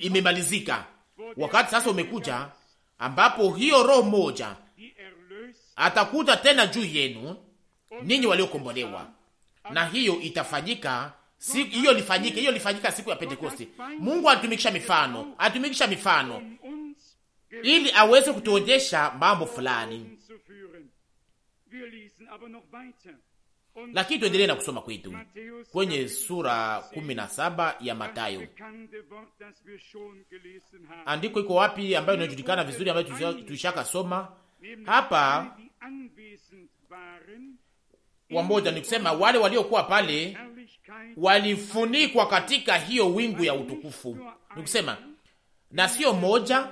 imemalizika, ime wakati sasa umekuja ambapo hiyo roho moja atakuja tena juu yenu ninyi waliokombolewa, na hiyo itafanyika siku hiyo, lifanyike hiyo, lifanyika siku ya Pentekoste. Mungu anatumikisha mifano, anatumikisha mifano ili aweze kutuonyesha mambo fulani. Lakini tuendelee na kusoma kwetu kwenye sura 17 ya Matayo. Andiko iko wapi ambayo inayojulikana vizuri, ambayo tuishaka soma hapa wamoja ni kusema wale waliokuwa pale walifunikwa katika hiyo wingu ya utukufu, ni kusema na sio moja,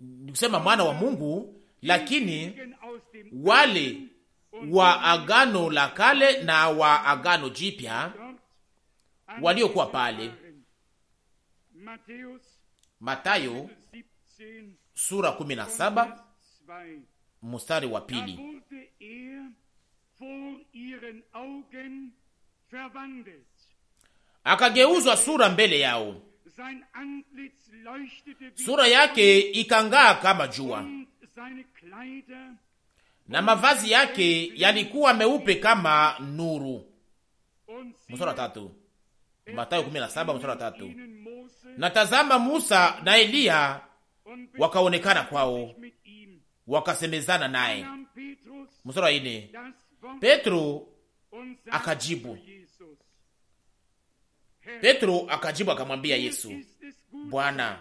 ni kusema mwana wa Mungu, lakini wale wa Agano la Kale na wa Agano Jipya waliokuwa pale. Matayo sura 17 mstari wa pili. Akageuzwa sura mbele yao, sura yake ikang'aa kama jua na mavazi yake yalikuwa meupe kama nuru. Mstari wa tatu, Mathayo 17 mstari wa tatu. Natazama Musa na Eliya wakaonekana kwao, wakasemezana naye. Mstari wa Petro akajibu Petro akajibu akamwambia Yesu, Bwana,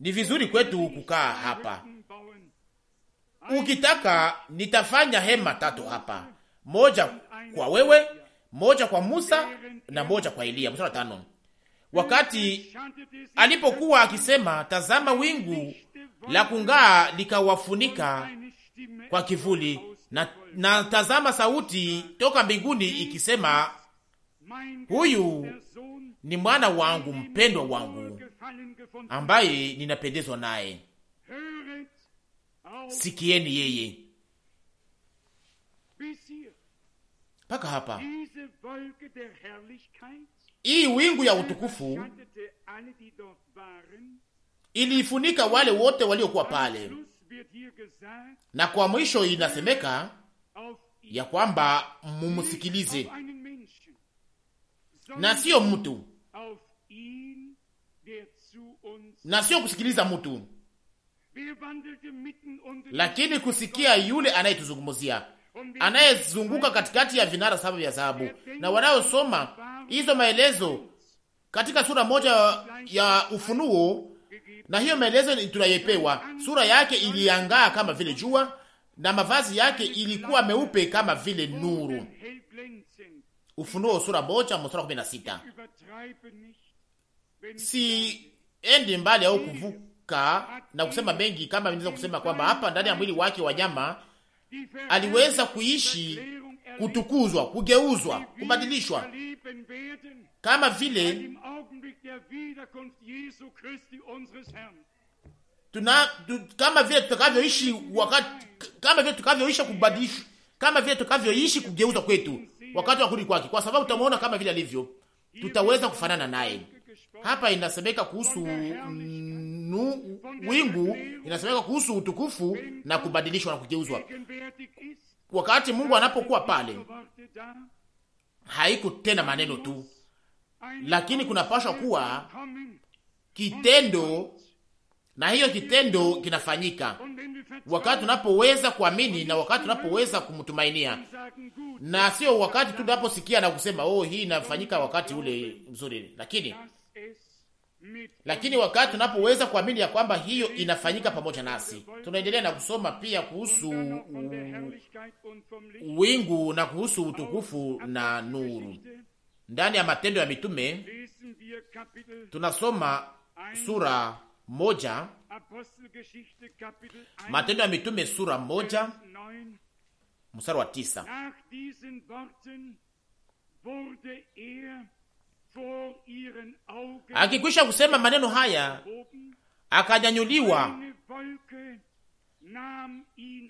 ni vizuri kwetu kukaa hapa Ukitaka nitafanya hema tatu hapa, moja kwa wewe, moja kwa Musa na moja kwa Eliya. Mstari tano, wakati alipokuwa akisema, tazama wingu la kung'aa likawafunika kwa kivuli na, na tazama sauti toka mbinguni ikisema, huyu ni mwana wangu mpendwa wangu ambaye ninapendezwa naye sikieni yeye mpaka hapa. Hii wingu ya utukufu iliifunika wale wote waliokuwa pale, na kwa mwisho inasemeka ya kwamba mumsikilize na siyo mtu, na siyo kusikiliza mtu lakini kusikia yule anayetuzungumzia anayezunguka katikati ya vinara saba vya dhahabu na wanayosoma hizo maelezo katika sura moja ya Ufunuo, na hiyo maelezo tunayepewa, sura yake iliangaa kama vile jua na mavazi yake ilikuwa meupe kama vile nuru. Ufunuo sura moja mstari kumi na sita. Si endi mbali au kuvuka kuzunguka na kusema mengi, kama inaweza kusema kwamba hapa ndani ya mwili wake wa nyama aliweza kuishi, kutukuzwa, kugeuzwa, kubadilishwa kama vile tuna tu, kama vile tutakavyoishi wakati, kama vile tutakavyoishi kubadilishwa, kama vile tukavyoishi kugeuzwa kwetu wakati wa kurudi kwake, kwa sababu tutamwona kama vile alivyo, tutaweza kufanana naye. Hapa inasemeka kuhusu nu, wingu inasemeka kuhusu utukufu na kubadilishwa na kugeuzwa. Wakati Mungu anapokuwa pale, haiko tena maneno tu, lakini kunapashwa kuwa kitendo, na hiyo kitendo kinafanyika wakati tunapoweza kuamini na wakati tunapoweza kumtumainia, na sio wakati tu tunaposikia na kusema oh, hii inafanyika wakati ule mzuri, lakini lakini wakati tunapoweza kuamini ya kwamba hiyo inafanyika pamoja nasi, tunaendelea na kusoma pia kuhusu wingu na kuhusu utukufu na nuru. Ndani ya Matendo ya Mitume tunasoma sura moja, Matendo ya Mitume sura moja mstari wa tisa. Akikwisha kusema maneno haya, akanyanyuliwa,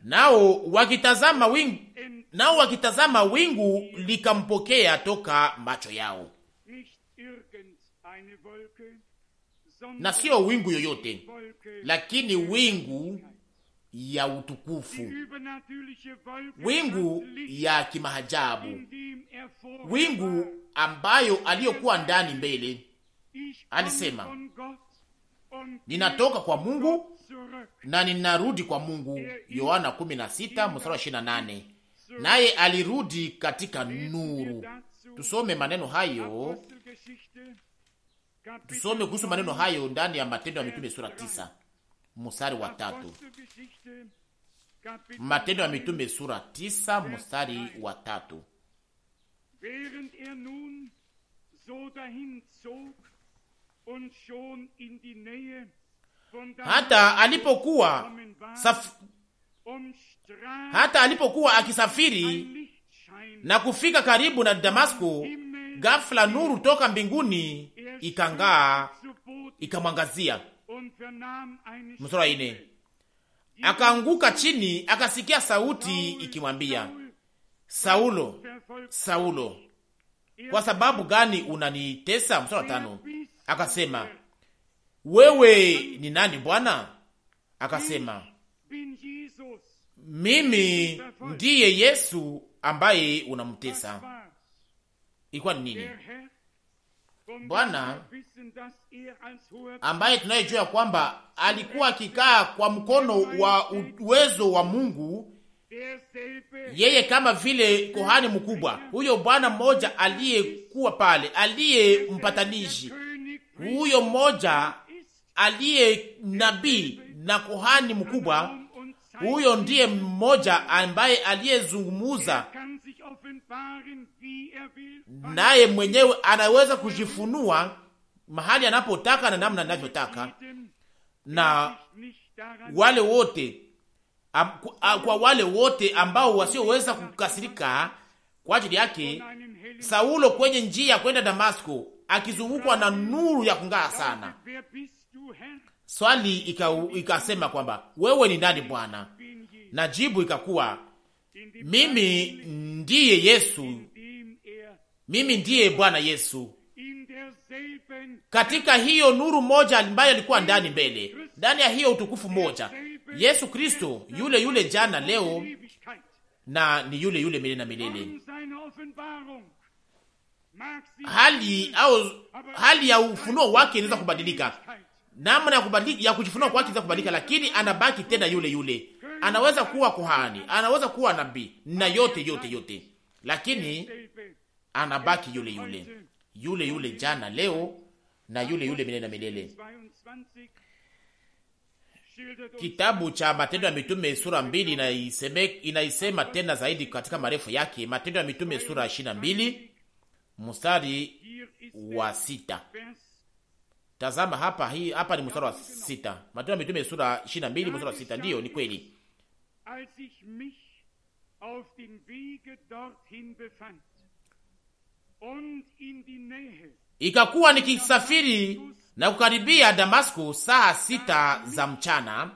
nao wakitazama wingu, nao wakitazama wingu likampokea toka macho yao, na sio wingu yoyote, lakini wingu ya utukufu, wingu ya kimahajabu, wingu ambayo aliyokuwa ndani mbele. Alisema, ninatoka kwa Mungu na ninarudi kwa Mungu, er Yohana 16 mstari wa 28. Naye alirudi katika nuru. Tusome maneno hayo, tusome kuhusu maneno hayo ndani ya Matendo ya Mitume sura 9 mstari wa tatu. Matendo ya Mitume sura tisa mstari wa tatu. Hata alipokuwa saf... hata alipokuwa akisafiri na kufika karibu na Damasku, ghafla nuru toka mbinguni er ikangaa ikamwangazia mstari wa ine, akaanguka chini akasikia sauti ikimwambia, Saulo, Saulo, kwa sababu gani unanitesa? Mstari wa tano, akasema wewe ni nani Bwana? Akasema mimi ndiye Yesu ambaye unamtesa. Ilikuwa ni nini? Bwana ambaye tunayejua kwamba alikuwa akikaa kwa mkono wa uwezo wa Mungu, yeye kama vile kohani mkubwa huyo, Bwana mmoja aliyekuwa pale, aliye mpatanishi huyo mmoja, aliye nabii na kohani mkubwa huyo, ndiye mmoja ambaye aliyezungumuza Er naye mwenyewe anaweza kujifunua mahali anapotaka na namna anavyotaka, na wale wote kwa wale wote ambao wasioweza kukasirika kwa ajili yake. Saulo kwenye njia kwenda Damasko akizungukwa na nuru ya kung'aa sana. Swali ikasema ika kwamba wewe ni nani Bwana? Na jibu ikakuwa mimi ndiye Yesu, mimi ndiye Bwana Yesu. Katika hiyo nuru moja ambayo alikuwa ndani mbele, ndani ya hiyo utukufu moja, Yesu Kristo yule yule jana, leo na ni yule yule milele na milele. Hali au hali ya ufunuo wake inaweza kubadilika, namna ya kubadilika ya kujifunua kwake inaweza kubadilika, lakini anabaki tena yule yule anaweza kuwa kuhani, anaweza kuwa nabii na yote yote yote, lakini anabaki yule yule yule yule, jana leo na yule yule milele na milele. Kitabu cha Matendo ya Mitume sura mbili inaiseme, inaisema tena zaidi katika marefu yake. Matendo ya Mitume sura ishirini na mbili mstari wa sita. Tazama hapa, hii hapa ni mstari wa sita. Matendo ya Mitume sura ishirini na mbili mstari wa sita. Ndiyo, ni kweli Ikakuwa nikisafiri na kukaribia Damasku saa sita za mchana,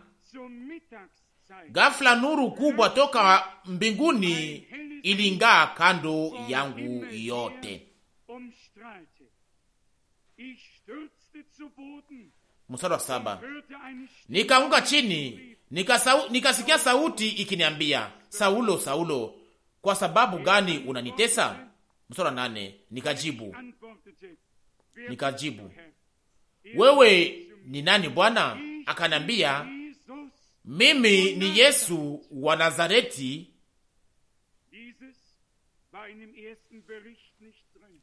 ghafla nuru kubwa toka mbinguni iling'aa kando yangu yote. Mstari wa saba, nikaanguka chini nikasikia sauti ikiniambia, Saulo, Saulo, kwa sababu gani unanitesa? Msora nane. Nikajibu, nikajibu, wewe ni nani Bwana? Akanambia, mimi ni Yesu wa Nazareti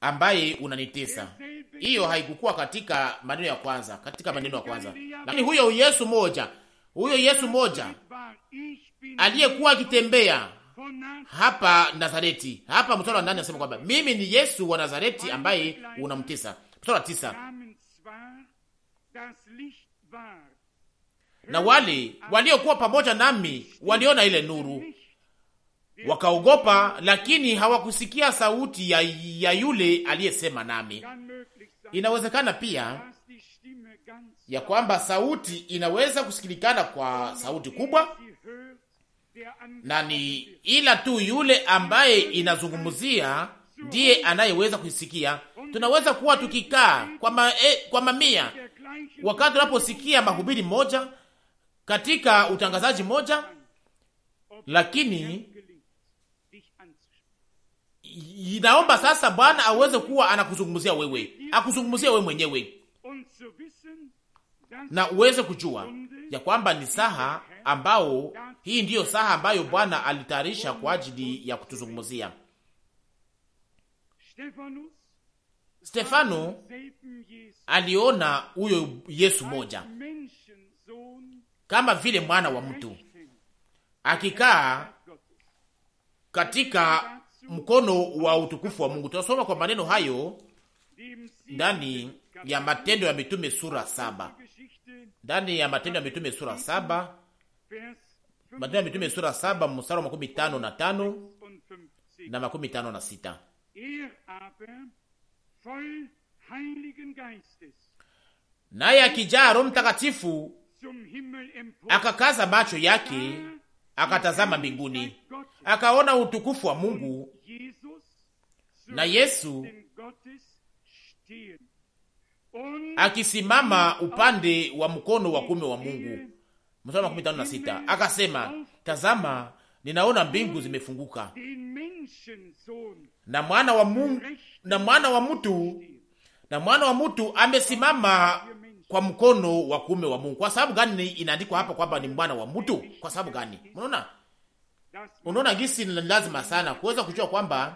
ambaye unanitesa. Hiyo haikukuwa katika maneno ya kwanza, katika maneno ya kwanza, lakini huyo Yesu moja huyo Yesu moja aliyekuwa akitembea hapa Nazareti. Hapa mstari wa nane anasema kwamba mimi ni Yesu wa Nazareti ambaye unamtesa. Mstari wa tisa, na wale waliokuwa pamoja nami waliona ile nuru wakaogopa, lakini hawakusikia sauti ya, ya yule aliyesema nami. Inawezekana pia ya kwamba sauti inaweza kusikilikana kwa sauti kubwa, na ni ila tu yule ambaye inazungumzia ndiye anayeweza kuisikia. Tunaweza kuwa tukikaa kwa, ma, eh, kwa mamia wakati tunaposikia mahubiri moja katika utangazaji moja, lakini inaomba sasa Bwana aweze kuwa anakuzungumzia wewe, akuzungumzia wewe mwenyewe na uweze kujua ya kwamba ni saha ambao hii ndiyo saha ambayo Bwana alitayarisha kwa ajili ya kutuzungumzia. Stefano aliona huyo Yesu moja kama vile mwana wa mtu akikaa katika mkono wa utukufu wa Mungu. Tunasoma kwa maneno hayo ndani ya Matendo ya Mitume sura saba ndani ya Matendo ya Mitume sura saba, Matendo ya Mitume sura saba mstari wa makumi tano na tano na makumi tano na sita. Er Naye akijaa Roho Mtakatifu akakaza macho yake ah, akatazama mbinguni, akaona utukufu wa Mungu na Yesu akisimama upande wa mkono wa kume wa Mungu. Mstari wa na akasema, tazama ninaona mbingu zimefunguka na mwana wa Mungu, na mwana wa mtu, na mwana wa mtu amesimama kwa mkono wa kumi wa Mungu. Kwa sababu gani inaandikwa hapa kwamba ni mwana wa mtu? Kwa sababu gani? Unaona, unaona gisi ni lazima sana kuweza kujua kwamba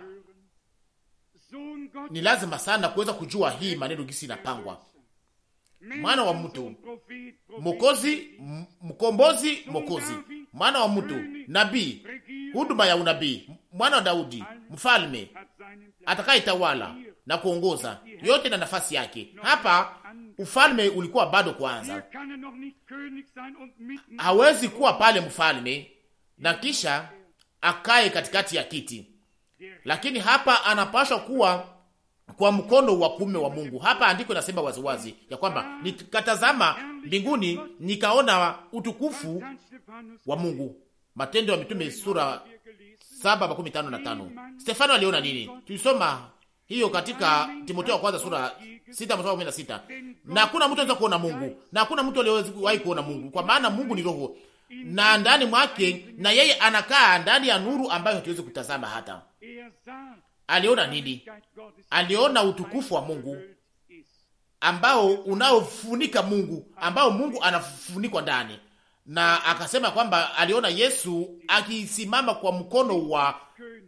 ni lazima sana kuweza kujua hii maneno gisi inapangwa. Mwana wa mtu, Mokozi, mkombozi, Mokozi, mwana wa mtu, nabii, huduma ya unabii, mwana wa Daudi, mfalme atakayetawala na kuongoza yote na nafasi yake. Hapa ufalme ulikuwa bado kwanza hawezi kuwa pale mfalme na kisha akae katikati ya kiti, lakini hapa anapashwa kuwa kwa mkono wa kuume wa Mungu. Hapa andiko nasema waziwazi ya kwamba nikatazama mbinguni nikaona utukufu wa Mungu. Matendo ya Mitume sura 7:15 na tano. Stefano aliona nini? Tulisoma hiyo katika Timotheo wa kwanza sura sita mstari kumi sita. Na hakuna mtu anaweza kuona Mungu, na hakuna mtu aliyewahi kuona Mungu, kwa maana Mungu ni roho, na ndani mwake na yeye anakaa ndani ya nuru ambayo hatuwezi kutazama hata aliona nini? Aliona utukufu wa Mungu ambao unaofunika Mungu, ambao Mungu anafunikwa ndani, na akasema kwamba aliona Yesu akisimama kwa mkono wa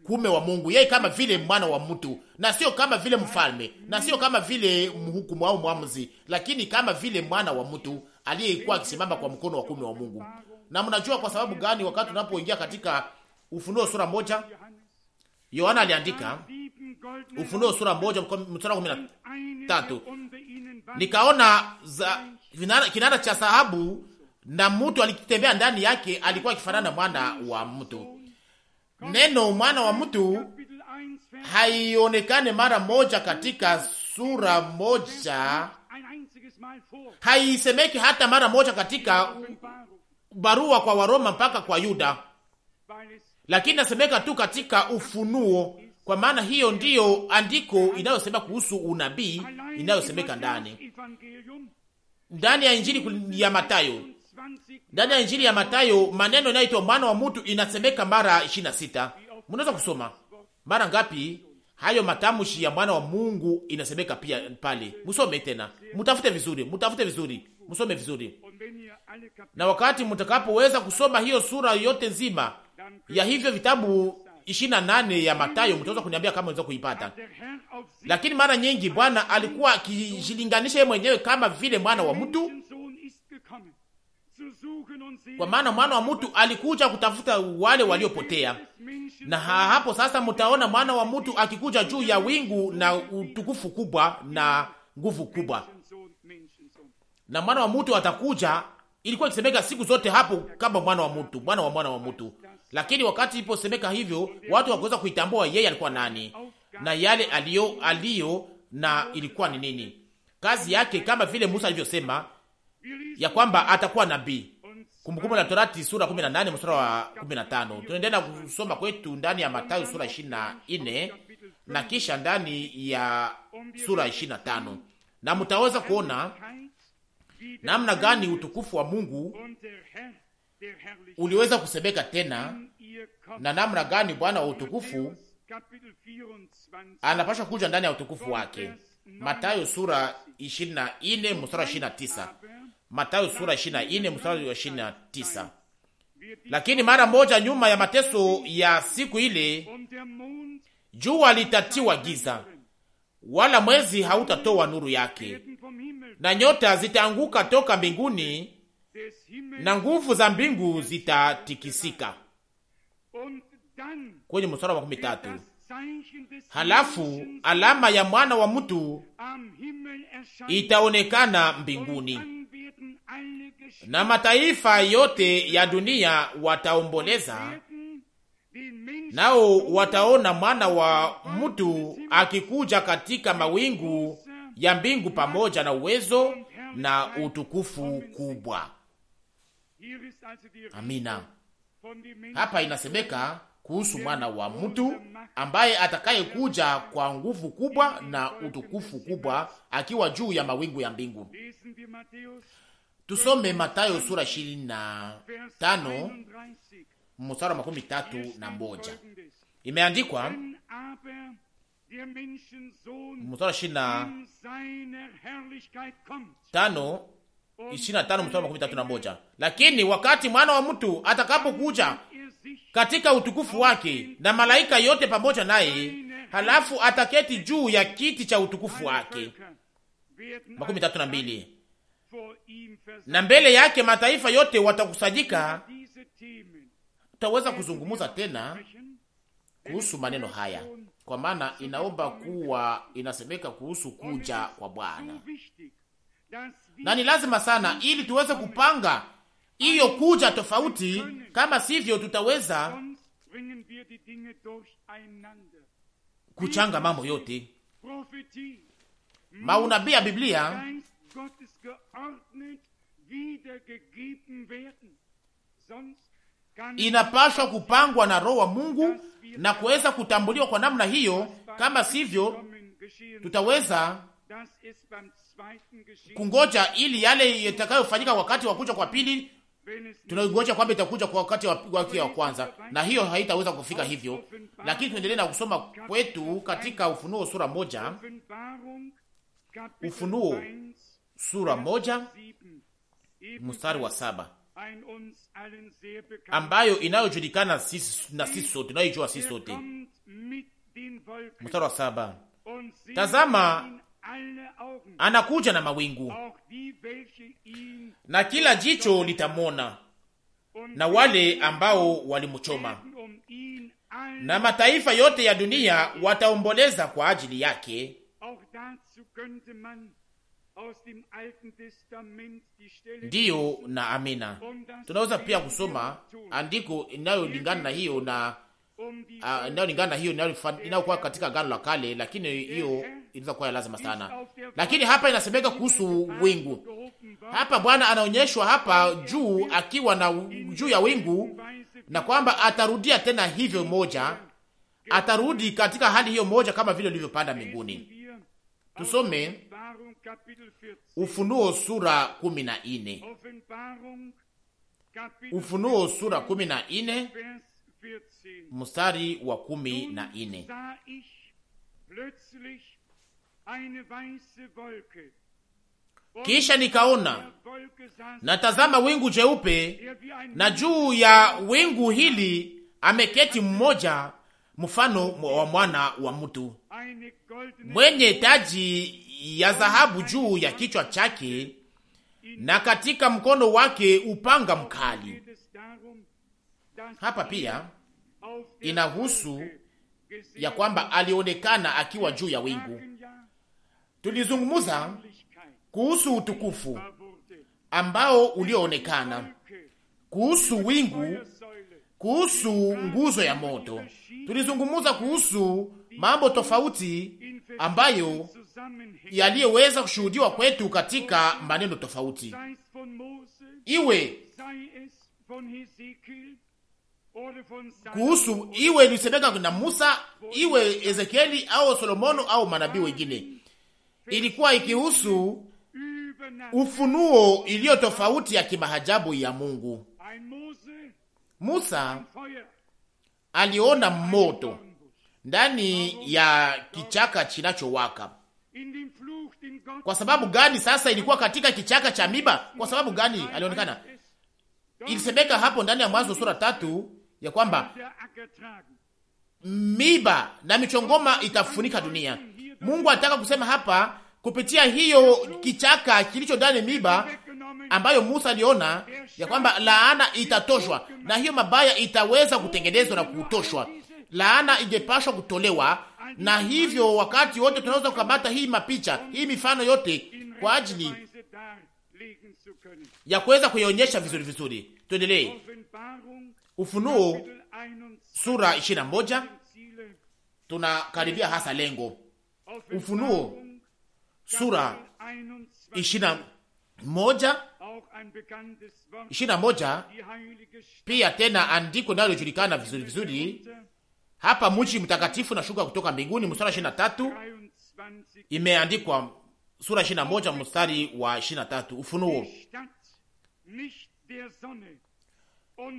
kume wa Mungu, yeye kama vile mwana wa mtu, na sio kama vile mfalme, na sio kama vile mhukumu au mwamuzi, lakini kama vile mwana wa mtu aliyekuwa akisimama kwa mkono wa kume wa Mungu. Na mnajua kwa sababu gani? Wakati unapoingia katika Ufunuo sura moja Yohana aliandika Ufunuo sura moja mstari kumi na tatu nikaona za kinara cha sahabu na mtu alikitembea ndani yake, alikuwa akifanana na mwana wa mtu. Neno mwana wa mtu haionekane mara moja katika sura moja, haisemeki hata mara moja katika barua kwa Waroma mpaka kwa Yuda lakini nasemeka tu katika Ufunuo, kwa maana hiyo ndiyo andiko inayosema kuhusu unabii inayosemeka ndani ndani ya Injili ya Matayo, ndani ya Injili ya Matayo maneno inayoitwa mwana wa mtu inasemeka mara ishirini na sita. Mnaweza kusoma mara ngapi hayo matamshi ya mwana wa Mungu inasemeka pia pale. Msome tena, mtafute vizuri, mtafute vizuri, msome vizuri, na wakati mtakapoweza kusoma hiyo sura yote nzima ya hivyo vitabu 28 ya Mathayo, mtaweza kuniambia kama unaweza kuipata. Lakini mara nyingi Bwana alikuwa akijilinganisha yeye mwenyewe kama vile mwana wa mtu, kwa maana mwana wa mtu alikuja kutafuta wale waliopotea. Na hapo sasa mtaona mwana wa mtu akikuja juu ya wingu na utukufu kubwa na nguvu kubwa, na mwana wa mtu atakuja. Ilikuwa ikisemeka siku zote hapo kama mwana wa mtu, mwana wa mwana wa mtu lakini wakati iliposemeka hivyo, watu wakuweza kuitambua yeye alikuwa nani na yale aliyo aliyo na ilikuwa ni nini kazi yake, kama vile Musa alivyosema ya kwamba atakuwa nabii. Kumbukumbu la Torati sura 18 mstari wa 15. Tunaendelea kusoma kwetu ndani ya Mathayo sura 24 na kisha ndani ya sura 25, na mtaweza kuona namna gani utukufu wa Mungu uliweza kusemeka tena na namna gani Bwana wa utukufu anapashwa kuja ndani ya utukufu wake. Matayo sura 24 mstari wa 29. Matayo sura 24 mstari wa 29. Lakini mara moja nyuma ya mateso ya siku ile jua litatiwa giza, wala mwezi hautatoa nuru yake, na nyota zitaanguka toka mbinguni na nguvu za mbingu zitatikisika. Kwenye mstari wa makumi tatu halafu alama ya mwana wa mtu itaonekana mbinguni, na mataifa yote ya dunia wataomboleza, nao wataona mwana wa mtu akikuja katika mawingu ya mbingu pamoja na uwezo na utukufu kubwa. Amina. Hapa inasemeka kuhusu mwana wa mtu ambaye atakayekuja kwa nguvu kubwa na utukufu kubwa akiwa juu ya mawingu ya mbingu. Tusome matayo sura 25 mstari wa makumi tatu na moja imeandikwa mstari ishirini na tano 25 mstari na moja. Lakini wakati mwana wa mtu atakapokuja katika utukufu wake na malaika yote pamoja naye, halafu ataketi juu ya kiti cha utukufu wake. Makumi tatu na mbili. Na mbele yake mataifa yote watakusajika Tutaweza kuzungumza tena kuhusu maneno haya, kwa maana inaomba kuwa inasemeka kuhusu kuja kwa Bwana na ni lazima sana, ili tuweze kupanga hiyo kuja tofauti. Kama sivyo, tutaweza kuchanga mambo yote. Maunabii ya Biblia inapashwa kupangwa na Roho wa Mungu na kuweza kutambuliwa kwa namna hiyo. Kama sivyo, tutaweza kungoja ili yale yatakayofanyika wakati wa kuja kwa pili, tunangoja kwamba itakuja kwa wakati wake wa kwanza, na hiyo haitaweza kufika hivyo. Lakini tuendelee na kusoma kwetu katika Ufunuo sura moja, Ufunuo sura moja mstari wa saba ambayo inayojulikana na sisi sote, inayoijua sisi sote. Mstari wa saba: tazama anakuja na mawingu, na kila jicho litamwona na wale ambao walimchoma, um na mataifa yote ya dunia wataomboleza kwa ajili yake. Ndiyo na amina. Um Tunaweza pia kusoma andiko inayolingana na hiyo na um ah, inayolingana na hiyo inayokuwa katika gano la Kale, lakini hiyo inaweza kuwa lazima sana, lakini hapa inasemeka kuhusu wingu. Hapa Bwana anaonyeshwa hapa juu akiwa na juu ya wingu, na kwamba atarudia tena hivyo moja, atarudi katika hali hiyo moja kama vile ulivyopanda mbinguni. Tusome Ufunuo sura kumi na nne. Ufunuo sura kumi na nne mstari wa kumi na nne. Kisha nikaona natazama wingu jeupe, er na juu ya wingu hili ameketi mmoja mfano wa mwana wa mtu mwenye taji ya dhahabu juu ya kichwa chake, na katika mkono wake upanga mkali. Hapa er pia inahusu ya kwamba alionekana akiwa juu ya wingu tulizungumuza kuhusu utukufu ambao ulioonekana, kuhusu wingu, kuhusu nguzo ya moto. tulizungumuza kuhusu mambo tofauti ambayo yaliyoweza kushuhudiwa kwetu katika maneno tofauti, iwe kuhusu iwe ilisemeka na Musa, iwe Ezekieli au solomono au manabii wengine ilikuwa ikihusu ufunuo iliyo tofauti ya kimahajabu ya Mungu. Musa aliona moto ndani ya kichaka chinachowaka. Kwa sababu gani sasa ilikuwa katika kichaka cha miba? Kwa sababu gani alionekana? Ilisemeka hapo ndani ya Mwanzo sura tatu ya kwamba miba na michongoma itafunika dunia. Mungu anataka kusema hapa kupitia hiyo kichaka kilicho ndani miba ambayo Musa aliona ya kwamba laana itatoshwa na hiyo mabaya itaweza kutengenezwa na kutoshwa. Laana ingepashwa kutolewa, na hivyo wakati wote tunaweza kukamata hii mapicha, hii mifano yote kwa ajili ya kuweza kuionyesha vizuri vizuri. Tuendelee, Ufunuo sura 21. Tunakaribia hasa lengo Ufunuo sura ishirini moja ishirini moja pia tena andiko linalojulikana vizuri vizuri hapa, mji mtakatifu nashuka kutoka mbinguni, mstari wa tatu imeandikwa, sura moja mstari wa tatu Ufunuo.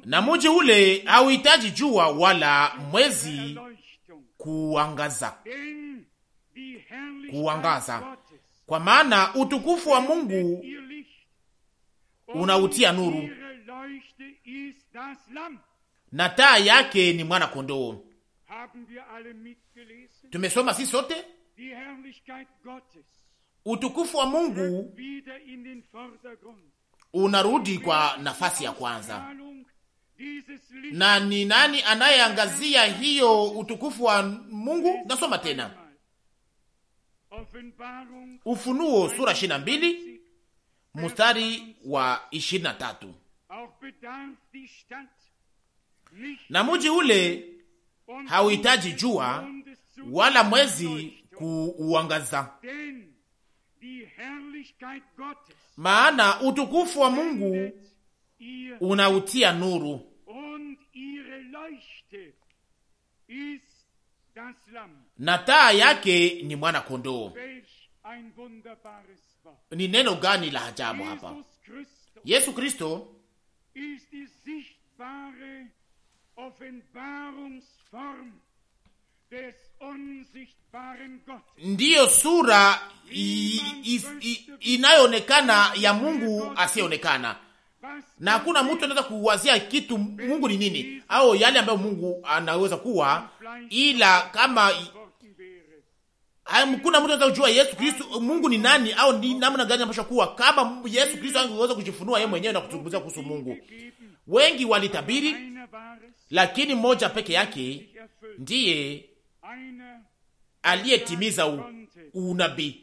Na muji ule hauhitaji jua wala mwezi kuangaza kuangaza, kwa maana utukufu wa Mungu unautia nuru na taa yake ni mwana kondoo. Tumesoma si sote utukufu wa Mungu unarudi kwa nafasi ya kwanza. Na ni nani anayeangazia hiyo utukufu wa Mungu? Nasoma tena Ufunuo sura 22 mstari wa 23. Na muji ule hauhitaji jua wala mwezi kuuangaza, maana utukufu wa Mungu unautia nuru, na taa yake ni mwana kondoo. Ni neno gani la ajabu hapa! Yesu Kristo ndiyo sura inayoonekana ya Mungu asiyeonekana, na hakuna mtu anaweza kuwazia kitu Mungu ni nini au yale ambayo Mungu anaweza kuwa, ila kama Hakuna mtu anaweza kujua Yesu Kristo Mungu ni nani au ni namna gani anapaswa kuwa kama Yesu Kristo angeweza kujifunua yeye mwenyewe na kuzungumzia kuhusu Mungu. Wengi walitabiri, lakini mmoja peke yake ndiye aliyetimiza unabii.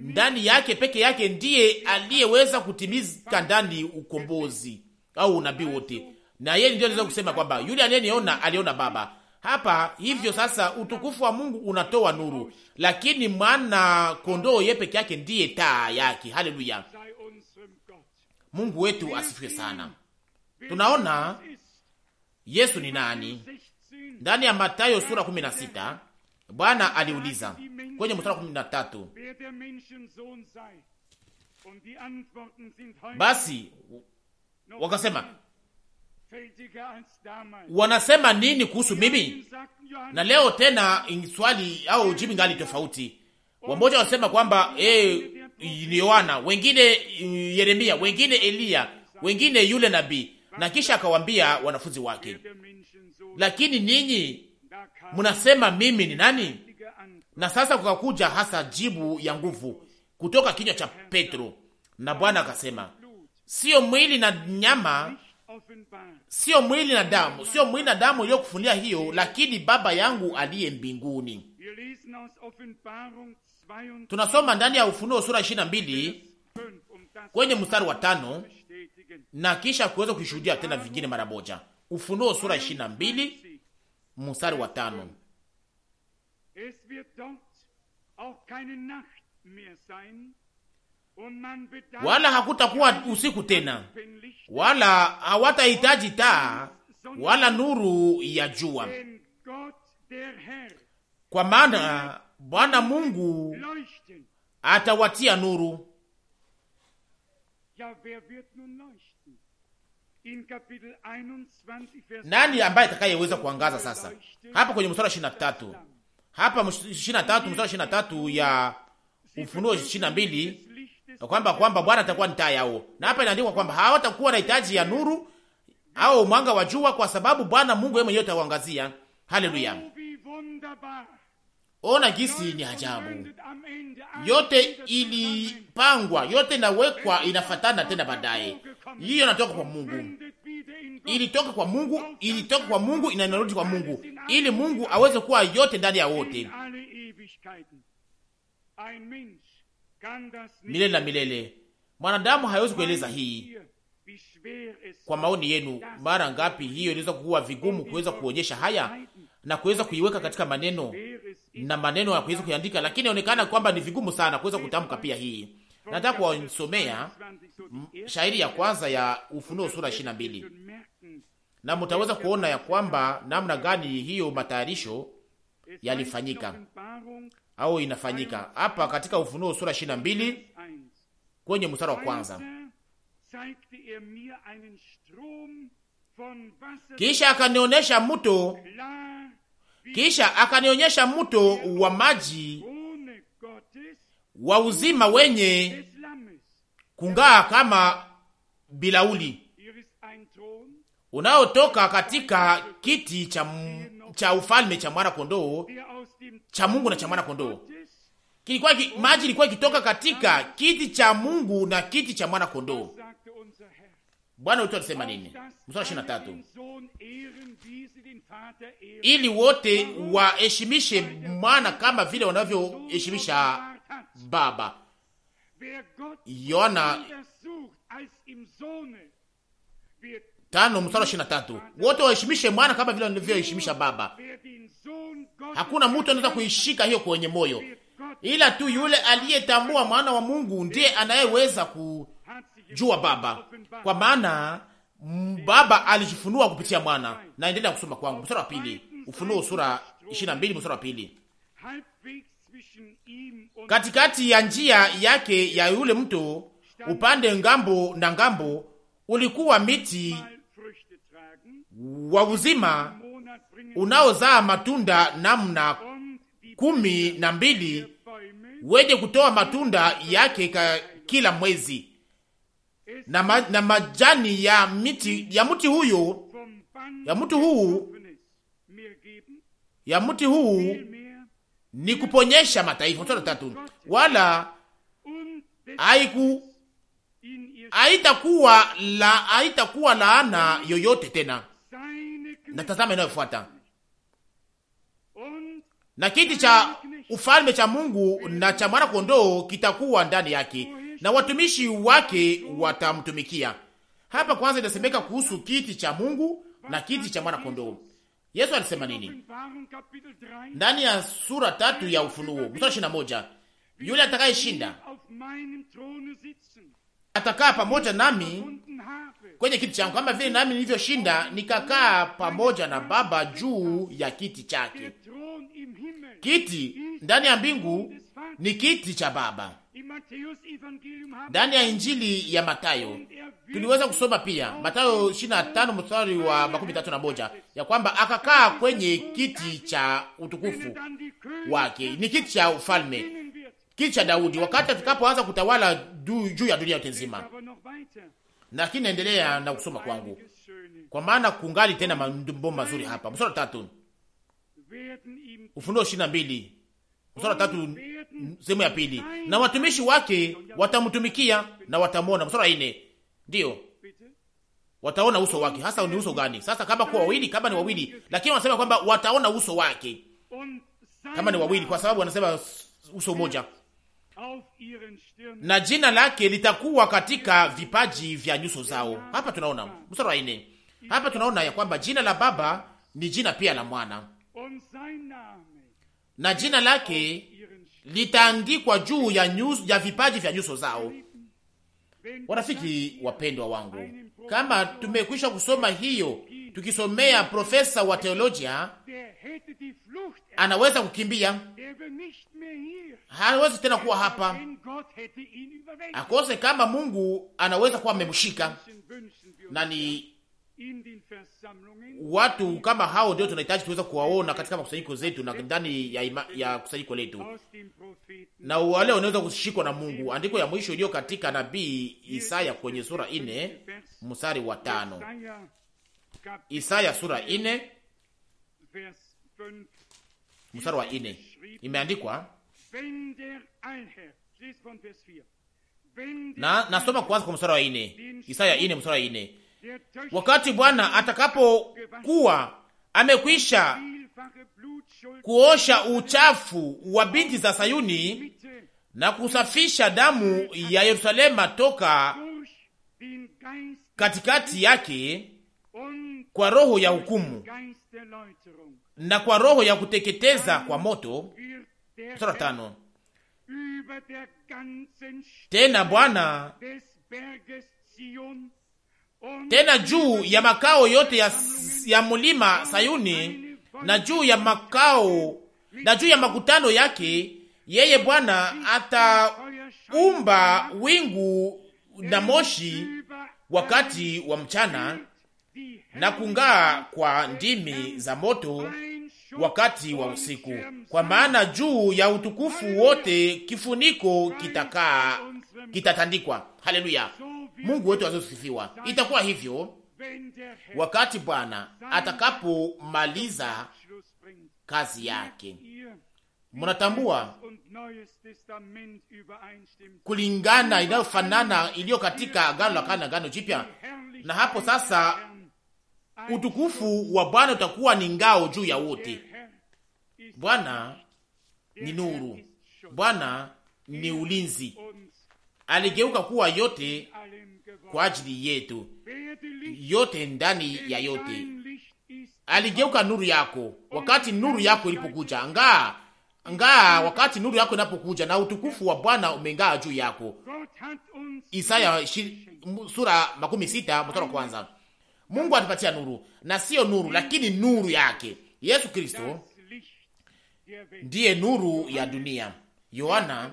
Ndani yake peke yake ndiye aliyeweza kutimiza ndani ukombozi au unabii wote, na yeye ndiye anaweza kusema kwamba yule anayeniona aliona Baba hapa hivyo sasa, utukufu wa Mungu unatoa nuru, lakini mwana kondoo ye peke yake ndiye taa yake. Haleluya, Mungu wetu asifiwe sana. Tunaona Yesu ni nani ndani ya Mathayo sura 16. Bwana aliuliza kwenye mstari wa 13, basi wakasema wanasema nini kuhusu mimi? Na leo tena swali au jibu ngali tofauti. Wamoja wanasema kwamba eh, Yohana, wengine eh, Yeremia, wengine Eliya, wengine yule nabii, na kisha akawaambia wanafunzi wake, lakini ninyi mnasema mimi ni nani? Na sasa kukakuja hasa jibu ya nguvu kutoka kinywa cha Petro, na Bwana akasema, sio mwili na nyama sio mwili na damu, sio mwili na damu iliyokufunulia hiyo, lakini Baba yangu aliye mbinguni. Tunasoma ndani ya Ufunuo sura 22 kwenye mstari wa tano na kisha kuweza kushuhudia tena vingine mara moja. Ufunuo sura 22 mstari wa tano wala hakutakuwa usiku tena, wala hawatahitaji taa wala nuru ya jua, kwa maana Bwana Mungu atawatia nuru. Nani ambaye atakayeweza kuangaza sasa? Hapa kwenye mstari na tatu hapa 23, mstari na tatu ya Ufunuo mbili kwamba kwamba Bwana atakuwa ni taa yao, na hapa inaandikwa kwamba hawatakuwa na hitaji ya nuru au mwanga wa jua, kwa sababu Bwana Mungu yeye mwenyewe atawaangazia. Haleluya! Ona gisi ni ajabu, yote ilipangwa, yote inawekwa, inafatana tena baadaye. Hiyo inatoka kwa Mungu, ilitoka kwa Mungu, ilitoka kwa Mungu, inanarudi kwa Mungu, ili Mungu aweze kuwa yote ndani ya wote milele na milele. Mwanadamu hawezi kueleza hii kwa maoni yenu, mara ngapi hiyo inaweza kuwa vigumu kuweza kuonyesha haya na kuweza kuiweka katika maneno na maneno ya kuweza kuiandika, lakini inaonekana kwamba ni vigumu sana kuweza kutamka pia hii. Nataka kuwasomea shairi ya kwanza ya Ufunuo sura 22 na mutaweza kuona ya kwamba namna gani hiyo matayarisho yalifanyika au inafanyika hapa katika Ufunuo sura mbili kwenye mstari wa kwanza. Kisha akanionyesha mto, kisha akanionyesha mto wa maji wa uzima wenye kung'aa kama bilauli unaotoka katika kiti cha cha ufalme cha mwana kondoo cha Mungu na cha mwana kondoo kilikuwa ki, maji ilikuwa ikitoka katika kiti cha Mungu na kiti cha mwana kondoo. Bwana wetu alisema nini? Mstari ishirini na tatu, ili wote waheshimishe mwana kama vile wanavyoheshimisha baba. Yona tano mstari ishirini na tatu wote waheshimishe mwana kama vile walivyoheshimisha Baba. Hakuna mtu anaweza kuishika hiyo kwenye moyo, ila tu yule aliyetambua mwana wa Mungu ndiye anayeweza kujua Baba, kwa maana Baba alijifunua kupitia mwana. Naendelea kusoma kwangu, mstari wa pili, Ufunuo sura 22 mstari wa pili. Katikati ya njia yake ya yule mtu upande ngambo na ngambo ulikuwa miti wa uzima unaozaa matunda namna kumi na mbili wenye kutoa matunda yake kila mwezi na, ma, na majani ya miti ya mti huyo ya mti huu ya mti huu ni kuponyesha mataifa. Mstari tatu, wala haitakuwa la haitakuwa laana yoyote tena na tazama inayofuata. Na kiti cha ufalme cha Mungu na cha mwana kondoo kitakuwa ndani yake, na watumishi wake watamtumikia. Hapa kwanza inasemeka kuhusu kiti cha Mungu na kiti cha mwana kondoo. Yesu alisema nini ndani ya sura tatu ya Ufunuo mstari ishirini na moja yule atakayeshinda atakaa pamoja nami kwenye kiti changu, kama vile nami nilivyoshinda nikakaa pamoja na Baba juu ya kiti chake. Kiti ndani ya mbingu ni kiti cha Baba. Ndani ya Injili ya Matayo tuliweza kusoma pia Matayo 25 mstari wa makumi ya kwamba akakaa kwenye kiti cha utukufu wake, ni kiti cha ufalme, kiti cha Daudi, wakati atakapoanza kutawala juu ya dunia yote nzima lakini naendelea na kusoma kwangu, kwa maana kungali tena mambo mazuri hapa. Msura tatu, Ufunuo ishirini na mbili msura tatu sehemu ya pili, na watumishi wake watamtumikia na watamwona. Msura ine ndiyo wataona uso wake. Hasa ni uso gani? Sasa kama kuwa wawili, kama ni wawili, lakini wanasema kwamba wataona uso wake kama ni wawili, kwa sababu wanasema uso moja na jina lake litakuwa katika vipaji vya nyuso zao. Hapa tunaona mstari wa nne, hapa tunaona ya kwamba jina la Baba ni jina pia la Mwana, na jina lake litaandikwa juu ya, nyuso, ya vipaji vya nyuso zao. Warafiki wapendwa wangu, kama tumekwisha kusoma hiyo tukisomea profesa wa teolojia anaweza kukimbia, hawezi tena kuwa hapa akose, kama Mungu anaweza kuwa amemshika. Na ni watu kama hao ndio tunahitaji tuweza kuwaona katika makusanyiko zetu na ndani ya, ya kusanyiko letu, na wale wanaweza kushikwa na Mungu. Andiko ya mwisho iliyo katika nabii Isaya kwenye sura ine mstari wa tano Isaya sura ine mstari wa ine imeandikwa na nasoma kwanza kwa mstari wa ine Isaya ine mstari wa ine wakati Bwana atakapokuwa amekwisha kuosha uchafu wa binti za Sayuni na kusafisha damu ya Yerusalema toka katikati yake kwa roho ya hukumu na kwa roho ya kuteketeza kwa moto. Sura tano. Tena Bwana tena juu ya makao yote ya, ya mulima Sayuni na juu ya makao na juu ya makutano yake, yeye Bwana ataumba wingu na moshi wakati wa mchana na kung'aa kwa ndimi za moto wakati wa usiku, kwa maana juu ya utukufu wote kifuniko kitakaa kitatandikwa. Haleluya! Mungu wetu azosifiwa. Itakuwa hivyo wakati Bwana atakapomaliza kazi yake. Mnatambua kulingana inayofanana iliyo katika Agano la Kale na Agano Jipya, na hapo sasa utukufu wa Bwana utakuwa ni ngao juu ya wote. Bwana ni nuru, Bwana ni ulinzi. Aligeuka kuwa yote kwa ajili yetu, yote ndani ya yote. Aligeuka nuru yako, wakati nuru yako ilipokuja ngaa ngaa, wakati nuru yako inapokuja na utukufu wa Bwana umengaa juu yako. Isaya sura makumi sita mstari wa kwanza. Mungu atupatia nuru, na sio nuru, lakini nuru yake. Yesu Kristo ndiye nuru ya dunia. Yohana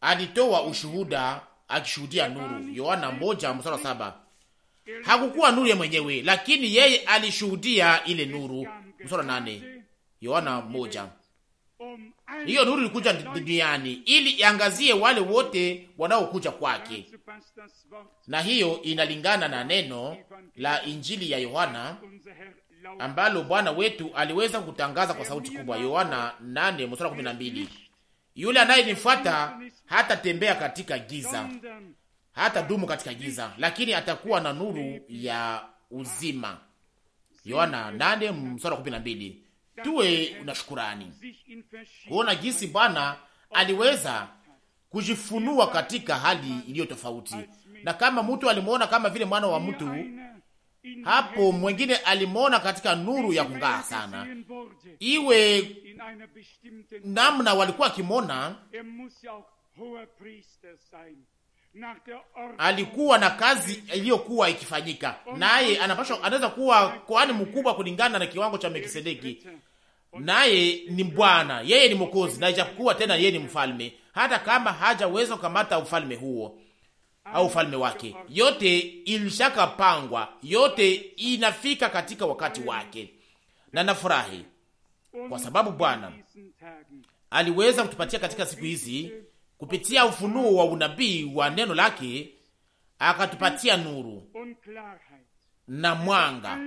alitoa ushuhuda akishuhudia nuru, Yohana moja mstari saba. Hakukuwa nuru ya mwenyewe, lakini yeye alishuhudia ile nuru. Mstari nane, Yohana moja. Hiyo nuru ilikuja duniani ili iangazie wale wote wanaokuja kwake, na hiyo inalingana na neno la Injili ya Yohana ambalo Bwana wetu aliweza kutangaza kwa sauti kubwa, Yohana 8:12, yule anayenifuata tembea katika giza, hata dumu katika giza, lakini atakuwa na nuru ya uzima. Yohana 8:12 tuwe na shukurani kuona jinsi Bwana aliweza kujifunua katika hali iliyo tofauti. Na kama mtu alimwona kama vile mwana wa mtu, hapo mwengine alimwona katika nuru ya kung'aa sana, iwe namna walikuwa akimwona alikuwa na kazi iliyokuwa ikifanyika naye, anapaswa anaweza kuwa kuhani mkubwa kulingana na kiwango cha Melkisedeki. Naye ni Bwana, yeye ni Mwokozi, na ijapokuwa tena yeye ni mfalme, hata kama hajaweza kukamata ufalme huo au ufalme wake. Yote ilishakapangwa, yote inafika katika wakati wake, na nafurahi kwa sababu Bwana aliweza kutupatia katika siku hizi kupitia ufunuo wa unabii wa neno lake akatupatia nuru na mwanga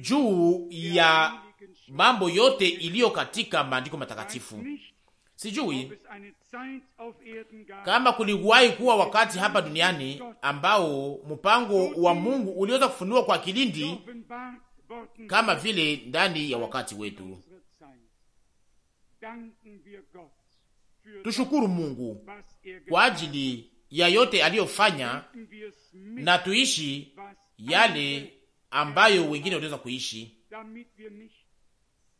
juu ya mambo yote iliyo katika maandiko matakatifu. Sijui kama kuliwahi kuwa wakati hapa duniani ambao mpango wa Mungu uliweza kufunua kwa kilindi kama vile ndani ya wakati wetu. Tushukuru Mungu kwa ajili ya yote aliyofanya, na tuishi yale ambayo wengine wataweza kuishi,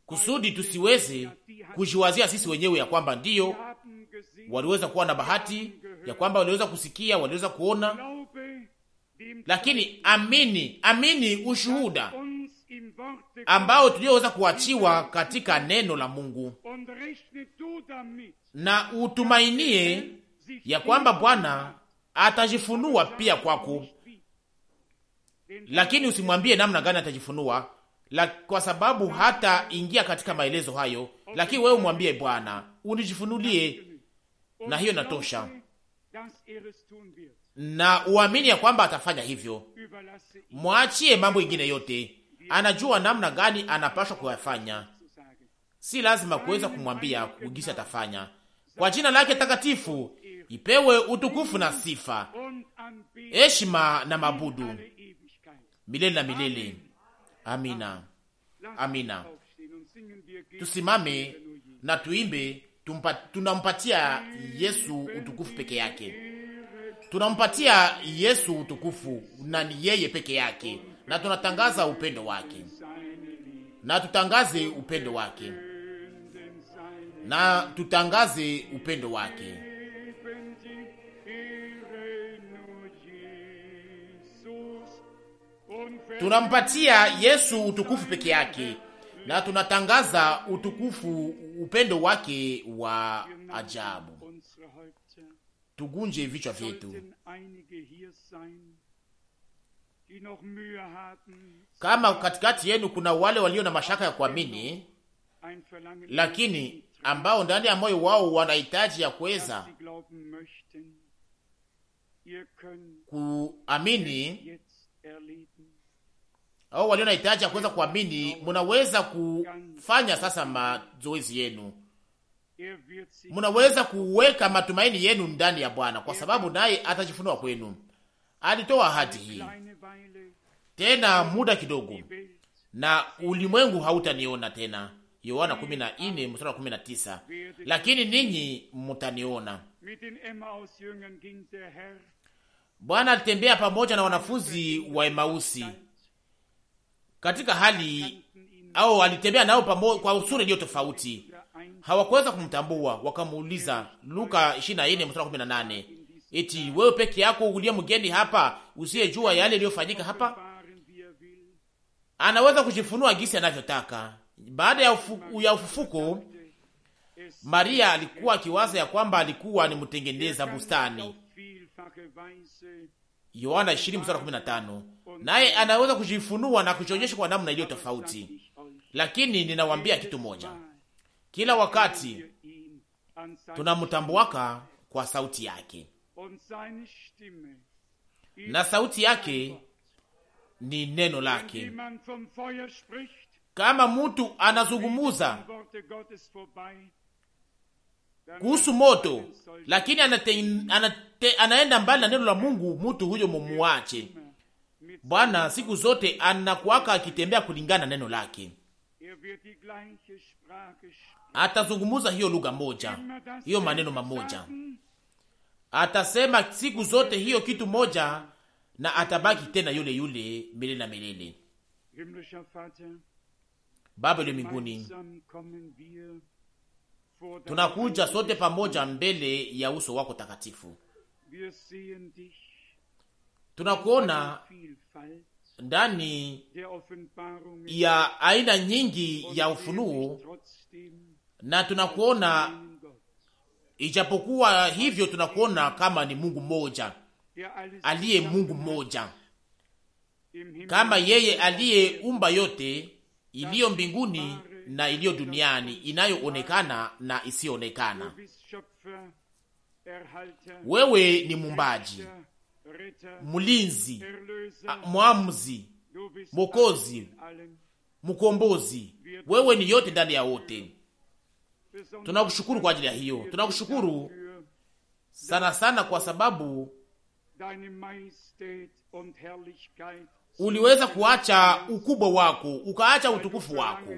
kusudi tusiweze kujiwazia sisi wenyewe ya kwamba ndiyo waliweza kuwa na bahati ya kwamba waliweza kusikia, waliweza kuona. Lakini amini, amini ushuhuda ambao tulioweza kuachiwa katika neno la Mungu, na utumainie ya kwamba Bwana atajifunua pia kwako, lakini usimwambie namna gani atajifunua la, kwa sababu hata ingia katika maelezo hayo, lakini wewe umwambie Bwana unijifunulie, na hiyo natosha, na uamini ya kwamba atafanya hivyo. Mwachie mambo ingine yote, anajua namna gani anapaswa kuyafanya. Si lazima kuweza kumwambia kugisi atafanya kwa jina lake takatifu ipewe utukufu na sifa, heshima na mabudu milele na milele. Amina, amina. Tusimame na tuimbe. Tunampatia Yesu utukufu peke yake, tunampatia Yesu utukufu, na ni yeye peke yake, na tunatangaza upendo wake, na tutangaze upendo wake na tutangaze upendo wake. Tunampatia Yesu utukufu peke yake na tunatangaza utukufu, upendo wake wa ajabu. Tugunje vichwa vyetu. Kama katikati yenu kuna wale walio na mashaka ya kuamini, lakini ambao ndani ya moyo wao wanahitaji ya kuweza kuamini au walio na hitaji ya kuweza kuamini, munaweza kufanya sasa mazoezi yenu, munaweza kuweka matumaini yenu ndani ya Bwana, kwa sababu naye atajifunua kwenu. Alitoa ahadi hii, tena muda kidogo, na ulimwengu hautaniona tena, Yohana 14 mstari wa 19, lakini ninyi mtaniona. Bwana alitembea pamoja na wanafunzi wa Emausi katika hali au alitembea nao pamoja kwa usura iliyo tofauti. Hawakuweza kumtambua, wakamuuliza Luka 24 mstari wa 18, eti wewe peke yako uliye mgeni hapa usiyejua yale yaliyofanyika hapa? Anaweza kujifunua gisi anavyotaka baada ya, ufu, ya ufufuko Maria alikuwa akiwaza ya kwamba alikuwa animtengeneza bustani, Yohana 20:15. Naye anaweza kujifunua na kujionyesha kwa namna iliyo tofauti, lakini ninawambia kitu moja, kila wakati tunamtambuaka kwa sauti yake, na sauti yake ni neno lake kama mtu anazungumuza kuhusu moto, lakini anate, anate, anaenda mbali na neno la Mungu, mtu huyo mumuache. Bwana siku zote anakuwaka akitembea kulingana na neno lake, atazungumuza hiyo lugha moja, hiyo maneno mamoja, atasema siku zote hiyo kitu moja, na atabaki tena yule yule milele na milele. Baba iliyo mbinguni, tunakuja sote pamoja mbele ya uso wako takatifu. Tunakuona ndani ya aina nyingi ya ufunuo, na tunakuona ijapokuwa hivyo, tunakuona kama ni Mungu mmoja aliye Mungu mmoja, kama yeye aliyeumba yote iliyo mbinguni na iliyo duniani, inayoonekana na isiyoonekana. Wewe ni mumbaji mlinzi, mwamuzi, mwokozi, mkombozi. Wewe ni yote ndani ya wote. Tunakushukuru kwa ajili ya hiyo, tunakushukuru sana sana kwa sababu uliweza kuacha ukubwa wako, ukaacha utukufu wako,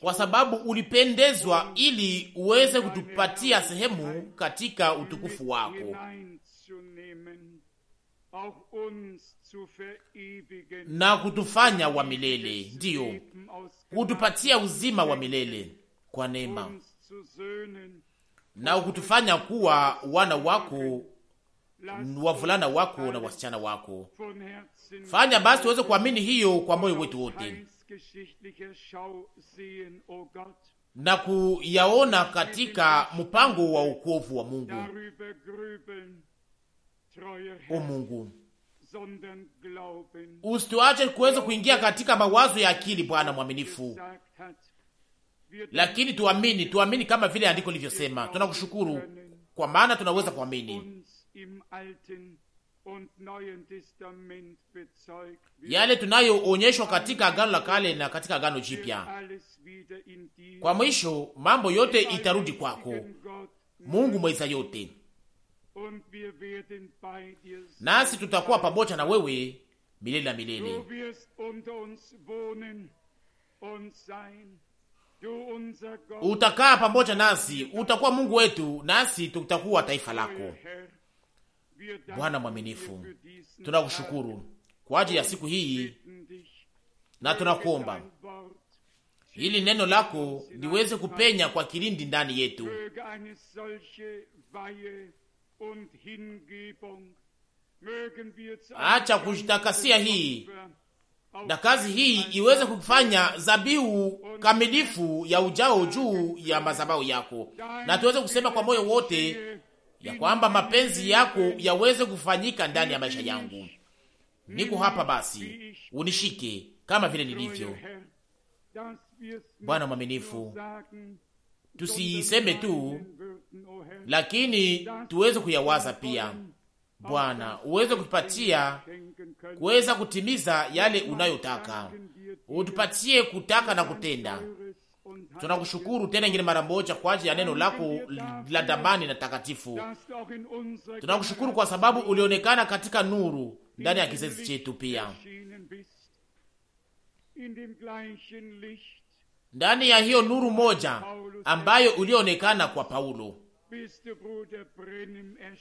kwa sababu ulipendezwa ili uweze kutupatia sehemu katika utukufu wako na kutufanya wa milele, ndiyo kutupatia uzima wa milele kwa neema na kutufanya kuwa wana wako, wavulana wako na wasichana wako Fanya basi tuweze kuamini hiyo kwa moyo wetu wote na kuyaona katika mpango wa ukovu wa Mungu. O Mungu, usituache kuweza kuingia katika mawazo ya akili, Bwana mwaminifu, lakini tuamini, tuamini kama vile andiko lilivyosema. Tunakushukuru kwa maana tunaweza kuamini yale tunayoonyeshwa katika Agano la Kale na katika Agano Jipya. Kwa mwisho, mambo yote itarudi kwako, Mungu mweza yote, nasi tutakuwa pamoja na wewe milele na milele. Utakaa pamoja nasi, utakuwa Mungu wetu, nasi tutakuwa taifa lako. Bwana mwaminifu, tunakushukuru kwa ajili ya siku hii na tunakuomba ili neno lako liweze kupenya kwa kilindi ndani yetu, acha kutakasia hii na kazi hii iweze kufanya zabihu kamilifu ya ujao juu ya mazabau yako, na tuweze kusema kwa moyo wote ya kwamba mapenzi yako yaweze kufanyika ndani ya maisha yangu. Niko hapa basi, unishike kama vile nilivyo. Bwana mwaminifu, tusiiseme tu, lakini tuweze kuyawaza pia. Bwana, uweze kutupatia kuweza kutimiza yale unayotaka, utupatie kutaka na kutenda Tunakushukuru tena ingine mara moja kwa ajili ya neno lako la damani na takatifu. Tunakushukuru kwa sababu ulionekana katika nuru ndani ya kizazi chetu, pia ndani ya hiyo nuru moja ambayo ulionekana kwa Paulo,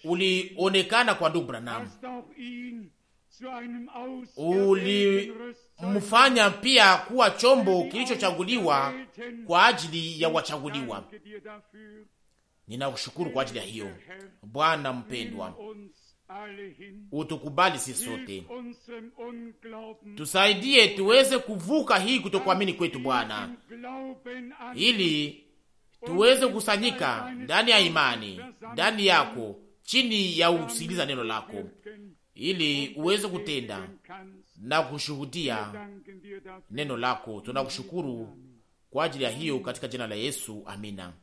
ulionekana kwa ndugu Branham ulimfanya pia kuwa chombo kilichochaguliwa kwa ajili ya wachaguliwa. Ninakushukuru kwa ajili ya hiyo. Bwana mpendwa, utukubali sisi sote, tusaidie tuweze kuvuka hii kutokuamini kwetu Bwana, ili tuweze kukusanyika ndani ya imani, ndani yako, chini ya usikiliza neno lako ili uweze kutenda na kushuhudia neno lako. Tunakushukuru kwa ajili ya hiyo katika jina la Yesu, amina.